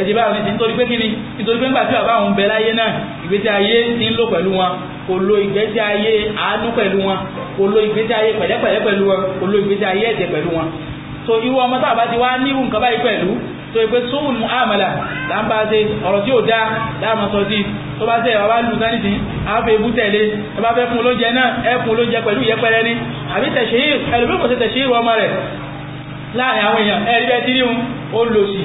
ẹ̀sìn báwọn ẹ̀sìn nítorí pé kíni nítorí pé nígbà tí bàbá òun bẹ láyé náà ìgbésí ayé ti ń lò pẹ̀lú wọn kò lo ìgbésí ayé àánú pẹ̀lú wọn kò lo ìgbésí ayé pẹ̀lẹ́pẹ̀lẹ́ pẹ̀lú wọn kò lo ìgbésí ayé ẹ̀jẹ̀ pẹ̀lú wọn so irú ọmọ tá a bá ti wá nírú nǹkan báyìí pẹ̀lú tó ẹgbẹ́ sóhùn mú àmàlà láǹbà ṣe ọ̀rọ̀ tí ó dá láàmà sọ sí tó bá tẹ́ ìwà lù sáni sí àáfẹ́ ibú tẹ̀lé ẹ bá fẹ́ fún olóúnjẹ náà ẹ fún olóúnjẹ pẹ̀lú ìyẹpẹrẹ ní àbí tẹ̀ṣẹ̀ yìí kò ṣe tẹ̀ṣẹ̀ yìí ọmọ rẹ̀ láàrin àwọn èèyàn ẹ̀rí ríhun ó lòsì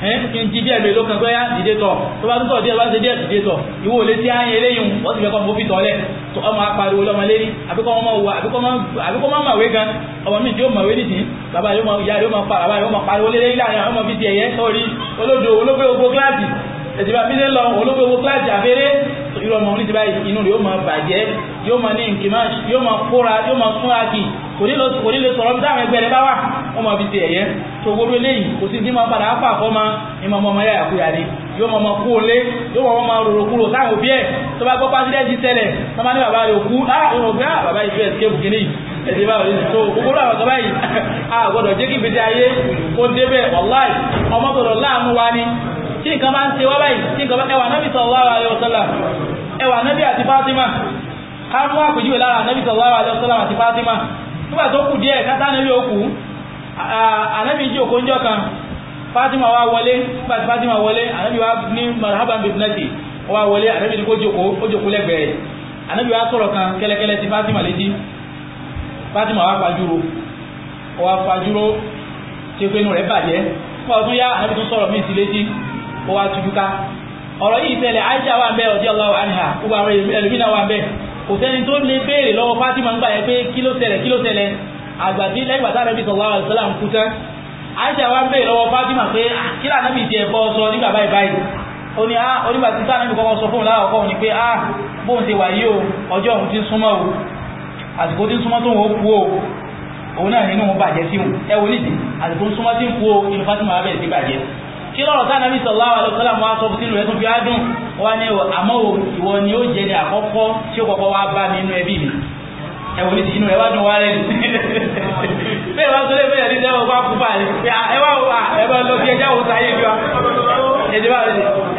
kí n jí díẹ̀ mélòó kan pé dìde tọ̀ tó bá tún tọ̀ díẹ̀ bá ṣe díẹ̀ dìde tọ̀ ìwọ ò lè tí àyìn eléyìí wọ́n ti fẹ́ kọ́ mọ́ fi tọ́lẹ̀ tó ọmọ apariwo lọ́mọ lérí àbíkọ́ ọmọ wà àbíkọ́ ọmọ màwé gan ọmọ mi tí ó màwé nìsín bàbá yóò máa ìyá yóò máa pa bàbá yóò máa pariwo lé léyìn láàrin àwọn ọmọ fi ti ẹ̀yẹ sọ́ọ̀rí olódo olóògbé ogbó kíláàsì ẹ̀sìnbà fi ń lọ olóògbé ogbó kíláàsì àfẹ́rẹ́ irú ọmọ oníṣẹ́ báyìí inú rẹ̀ yóò máa bàjẹ́ yóò máa ní nkìmáṣ yóò máa kóra yóò máa fún àkì kò ní lè sọ̀rọ̀ bí táwọn ẹgbẹ́ rẹ̀ bá wà wọ́n máa fi ṣe ẹ̀yẹ́ tó gbogbo eléyìí kò sí ní máa padà ápà àkọ́ ma ní máa mọ ọmọ yàyà kúyà ni yóò mọ ọmọ kú olé yóò mọ ọmọ rorò kúrò táwọn òbí ẹ̀ tó bá gbọ́ pásídẹ́ẹ̀tì tẹ́lẹ̀ tó bá ní bàbá rẹ̀ òkú á ah, òrò pé á ah, bàbá ìfẹ́ ẹ̀sìkéèpù kìíní ẹ̀sìn bá òní tó gbogbo àwọn ọ̀gá báyìí a gbọ́dọ̀ jẹ́ kí ìgbésí ayé ó débẹ̀ wàláì ọmọ gbọ́dọ̀ láàánú wa ni tí nǹkan bá ń ṣe wá báyìí tí nǹkan bá ẹwà nábì sallallahu alaihi wasallam ẹwà nábì àti Fátímà sallallahu alaihi wasallam àti Fátímà nígbà tó kù díẹ̀ kátánẹ́bí ó kù ànábì jókòó ń jọ́ kan Fatima wá wọlé nígbàtí Fatima wọlé ànábì wá ní marhaban bibnati wá wọlé ànábì ní kó jókòó ó jókòó lẹ́gbẹ̀ẹ́ ànábì wá sọ̀rọ̀ kan kẹ́lẹ́kẹ́lẹ́ ti Fatima létí Fatima wá fajúro wá fajúro tí ó pé inú rẹ̀ bàjẹ́ fún ọdún yá ànábì tún sọ̀rọ̀ míì sí létí ó wá tujuka ọ̀rọ̀ yìí tẹ̀lé Aisha wà bẹ́ẹ̀ radiyallahu anha gbogbo àwọn ẹlòmínà wà bẹ́ẹ̀ kò sẹ́ni tó lè béèrè lọ́wọ́ Fatima ń gbà yẹn pé kí ló ṣẹlẹ̀ kí ló ṣẹlẹ̀ àgbàtí lẹ́yìn bàtà nàbí sallallahu alaihi wasallam ń kú tán àìsà wa ń bèè lọ́wọ́ Fátímà pé ah, kí là nàbí tiẹ̀ bọ́ sọ nígbà báyìí báyìí ó ní ah onígbà tí sáà nàbí kọ́kọ́ sọ fóun láàkọ́ ni pé ah bóun ti wà yí o ọjọ́ òun ti súnmọ́ o àsìkò tí ń súnmọ́ tó wọ́n kú o òun náà nínú bàjẹ́ sí wọn ẹ wọlé sí àsìkò ń súnmọ́ tí ń kú o inú Fátímà wà bẹ̀rẹ̀ sí bàjẹ́ kí lọ́rọ̀ sáà nàbí sallallahu alaihi wasallam wa sọ fún sínú ẹ̀ tó fi á dùn wá ní àmọ́ ìwọ ni ó jẹ́ ní àkọ́kọ́ tí ó kọ́kọ́ wá bá mi inú ẹbí mi ẹ̀wọ̀n ní ti inú ẹ̀ wá dùn wá rẹ̀ bẹ́ẹ̀ bá sọlé bẹ́ẹ̀ ní sẹ́wọ̀n bá kú báyìí ẹ wá wà ẹ bá lọ bí ẹjá wò sáyé bí wa ẹjẹ bá rẹ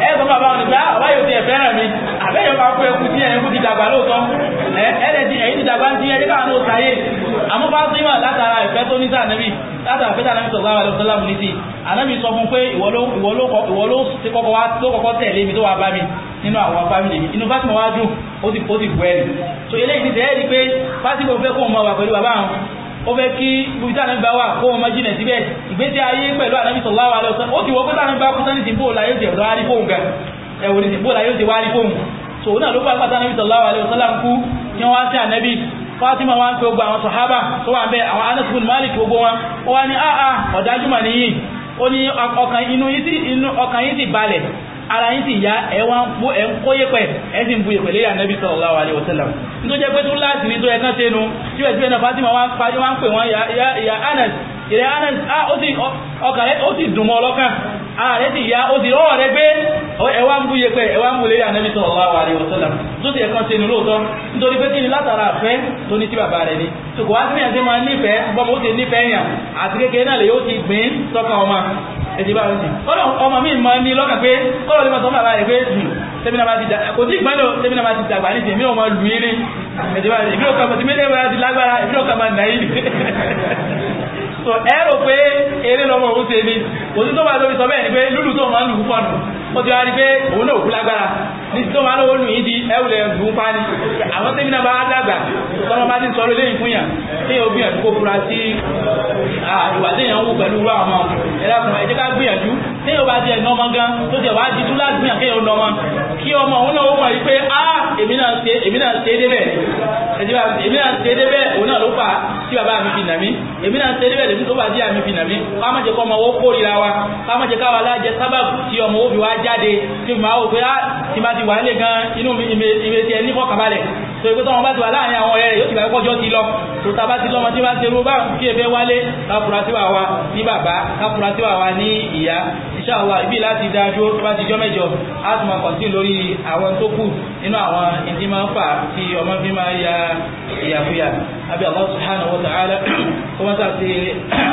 ẹ sọ bàbá wọn nígbà ọba yóò ti ẹ̀fẹ́ràn mi àbẹ́yọ̀ bá kú ẹkú tí ẹ̀kú ti dàgbà lóòótọ́ ẹ̀yìn ti dàgbà ń ti ẹjẹ́ káwọn náà sáyé àmọ́ bá sí mà látara ìfẹ́ tó ní sáà nẹ́bí látara ìfẹ́ tàbí sọ̀rọ̀ àwọn ọ̀sán láàmú létí ànábì sọ fún pé ìwọ ló ti kọ́kọ́ wá tó kọ́kọ́ tẹ̀lé mi tó wá bá mi nínú àwọn fámìlì mi inú fásitì wọn wá dùn ó ti bù ẹ̀rì so eléyìí ti tẹ̀lé pé fásitì kò fẹ́ kó mọ wà pẹ̀lú bàbá àwọn ó fẹ́ kí ibi tí ànábì bá wà kó wọn má jìnà síbẹ̀ ìgbésí ayé pẹ̀lú ànábì sallallahu alaihi wasallam ó ti wọ́n pé tàbí bá kú sẹ́ni tìǹbò láyé òjò wá rí fóun gan ẹ̀wọ̀n tìǹbò láyé òjò wá rí fóun so náà ló pàpàtà ànábì sallallahu alaihi wasallam kú kí wọ́n á sí ànábì Fatima wa ń pe gbogbo àwọn sọ̀hábà tó wà ń bẹ àwọn Anas bin Malik gbogbo wọn ó wá ní àà ọ̀dájúmọ̀ nìyí ó ní ọkàn yìí sì balẹ̀ ara yín sì yá ẹ wá ń kó ẹ ń kó yẹpẹ ẹ sì ń bu ìpẹlẹ yà nẹbi sallallahu alaihi wasallam nítorí jẹ pé tún láti ní tó ẹ kán sẹnu síbẹ̀síbẹ̀ náà Fatima wá ń pa wá ń pè wọn ya Anas ìrẹ Anas ah, ó sì ọkàn rẹ ó sì dùn mọ́ ọlọ́kàn ààrẹ ah, ti ya ó ti rọ́wọ̀ gbé ẹwà ń bú yẹpẹ ẹwà ń bú lérí ànábì sallallahu alaihi wasallam tó ti ẹ̀kan ṣe nù lóòótọ́ nítorí pé kí ni látara àfẹ́ tó ní sí bàbá rẹ̀ ni máa nífẹ̀ẹ́ bọ́mọ ó ti nífẹ̀ẹ́ yàn àti kékeré náà lè yóò ti gbìn sọ́kàn mi máa ní lọ́kàn pé kọ́lọ̀ lè máa hmm, so ẹ̀rọ pé eré lọ́mọ òun ṣe mi òsì tó bá lórí sọ bẹ́ẹ̀ ni pé lúlù tó máa ń lù púpọ̀ nù ó ti wá rí pé òun náà kú lágbára ní ti tó máa ń lówó lù yín di ẹ̀wùlẹ̀ gùn pa ni àwọn tẹ́mi náà bá wá dàgbà tọ́mọ bá ti ń sọ̀rọ̀ lẹ́yìn fún yàn kí yóò gbìyànjú kó fura sí ìwà téèyàn ń pẹ̀lú irú àwọn ọmọ ẹ̀rọ ẹ jẹ́ ká gbìyànjú tí yóò bá jẹ́ ẹ̀nà ọmọ gan tó jẹ́ wá jí túlá ẹ̀sìn bá èmi náà ṣe débẹ̀ òun náà ló fà á tí bàbá mi fi nà mí èmi náà ṣe débẹ̀ lèmi tó fà á tí bàbá mi fi nà mí ká má jẹ́ kọ́ ọmọ owó kórìíra wa ká má jẹ́ káwa lájẹ sábàbù tí ọmọ owó fi wá jáde tí mo máa wò pé á ti máa ti wà nílé gan inú ìmẹ̀ tiẹ̀ ní fọ́kàbalẹ̀ tó ìgbé tó wọn bá ti wà láàrin àwọn ọ̀rẹ́ rẹ̀ yóò ti gbàgbọ́ jọ ti lọ tó ta bá ti lọ́mọ tí bá ti rú bá kí ẹ fẹ́ wálé káfùrà sí wà wá ní bàbá káfùrà sí wà wá ní ìyá insha Allah ibi láti dáa tó bá ti jọ́ mẹ́jọ á tún máa kàn sí lórí àwọn tó kù inú àwọn ìdí máa ń fà tí ọmọ fi máa ya ìyàkúyà àbí Allah subhanahu wa ta'ala kó mọ́ta sí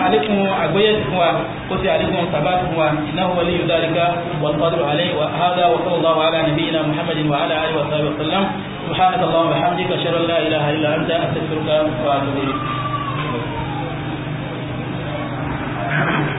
àlékún àgbóyẹ̀sì fún wa kó sí àlékún sàbáàtì fún wa innahu waliyyu dhalika wal qadiru alayhi wa hadha wa sallallahu ala nabiyyina muhammadin wa ala alihi wa sahbihi sallam subhanaka allahumma wa ashhadu an la ilaha illa anta astaghfiruka wa atubu ilayk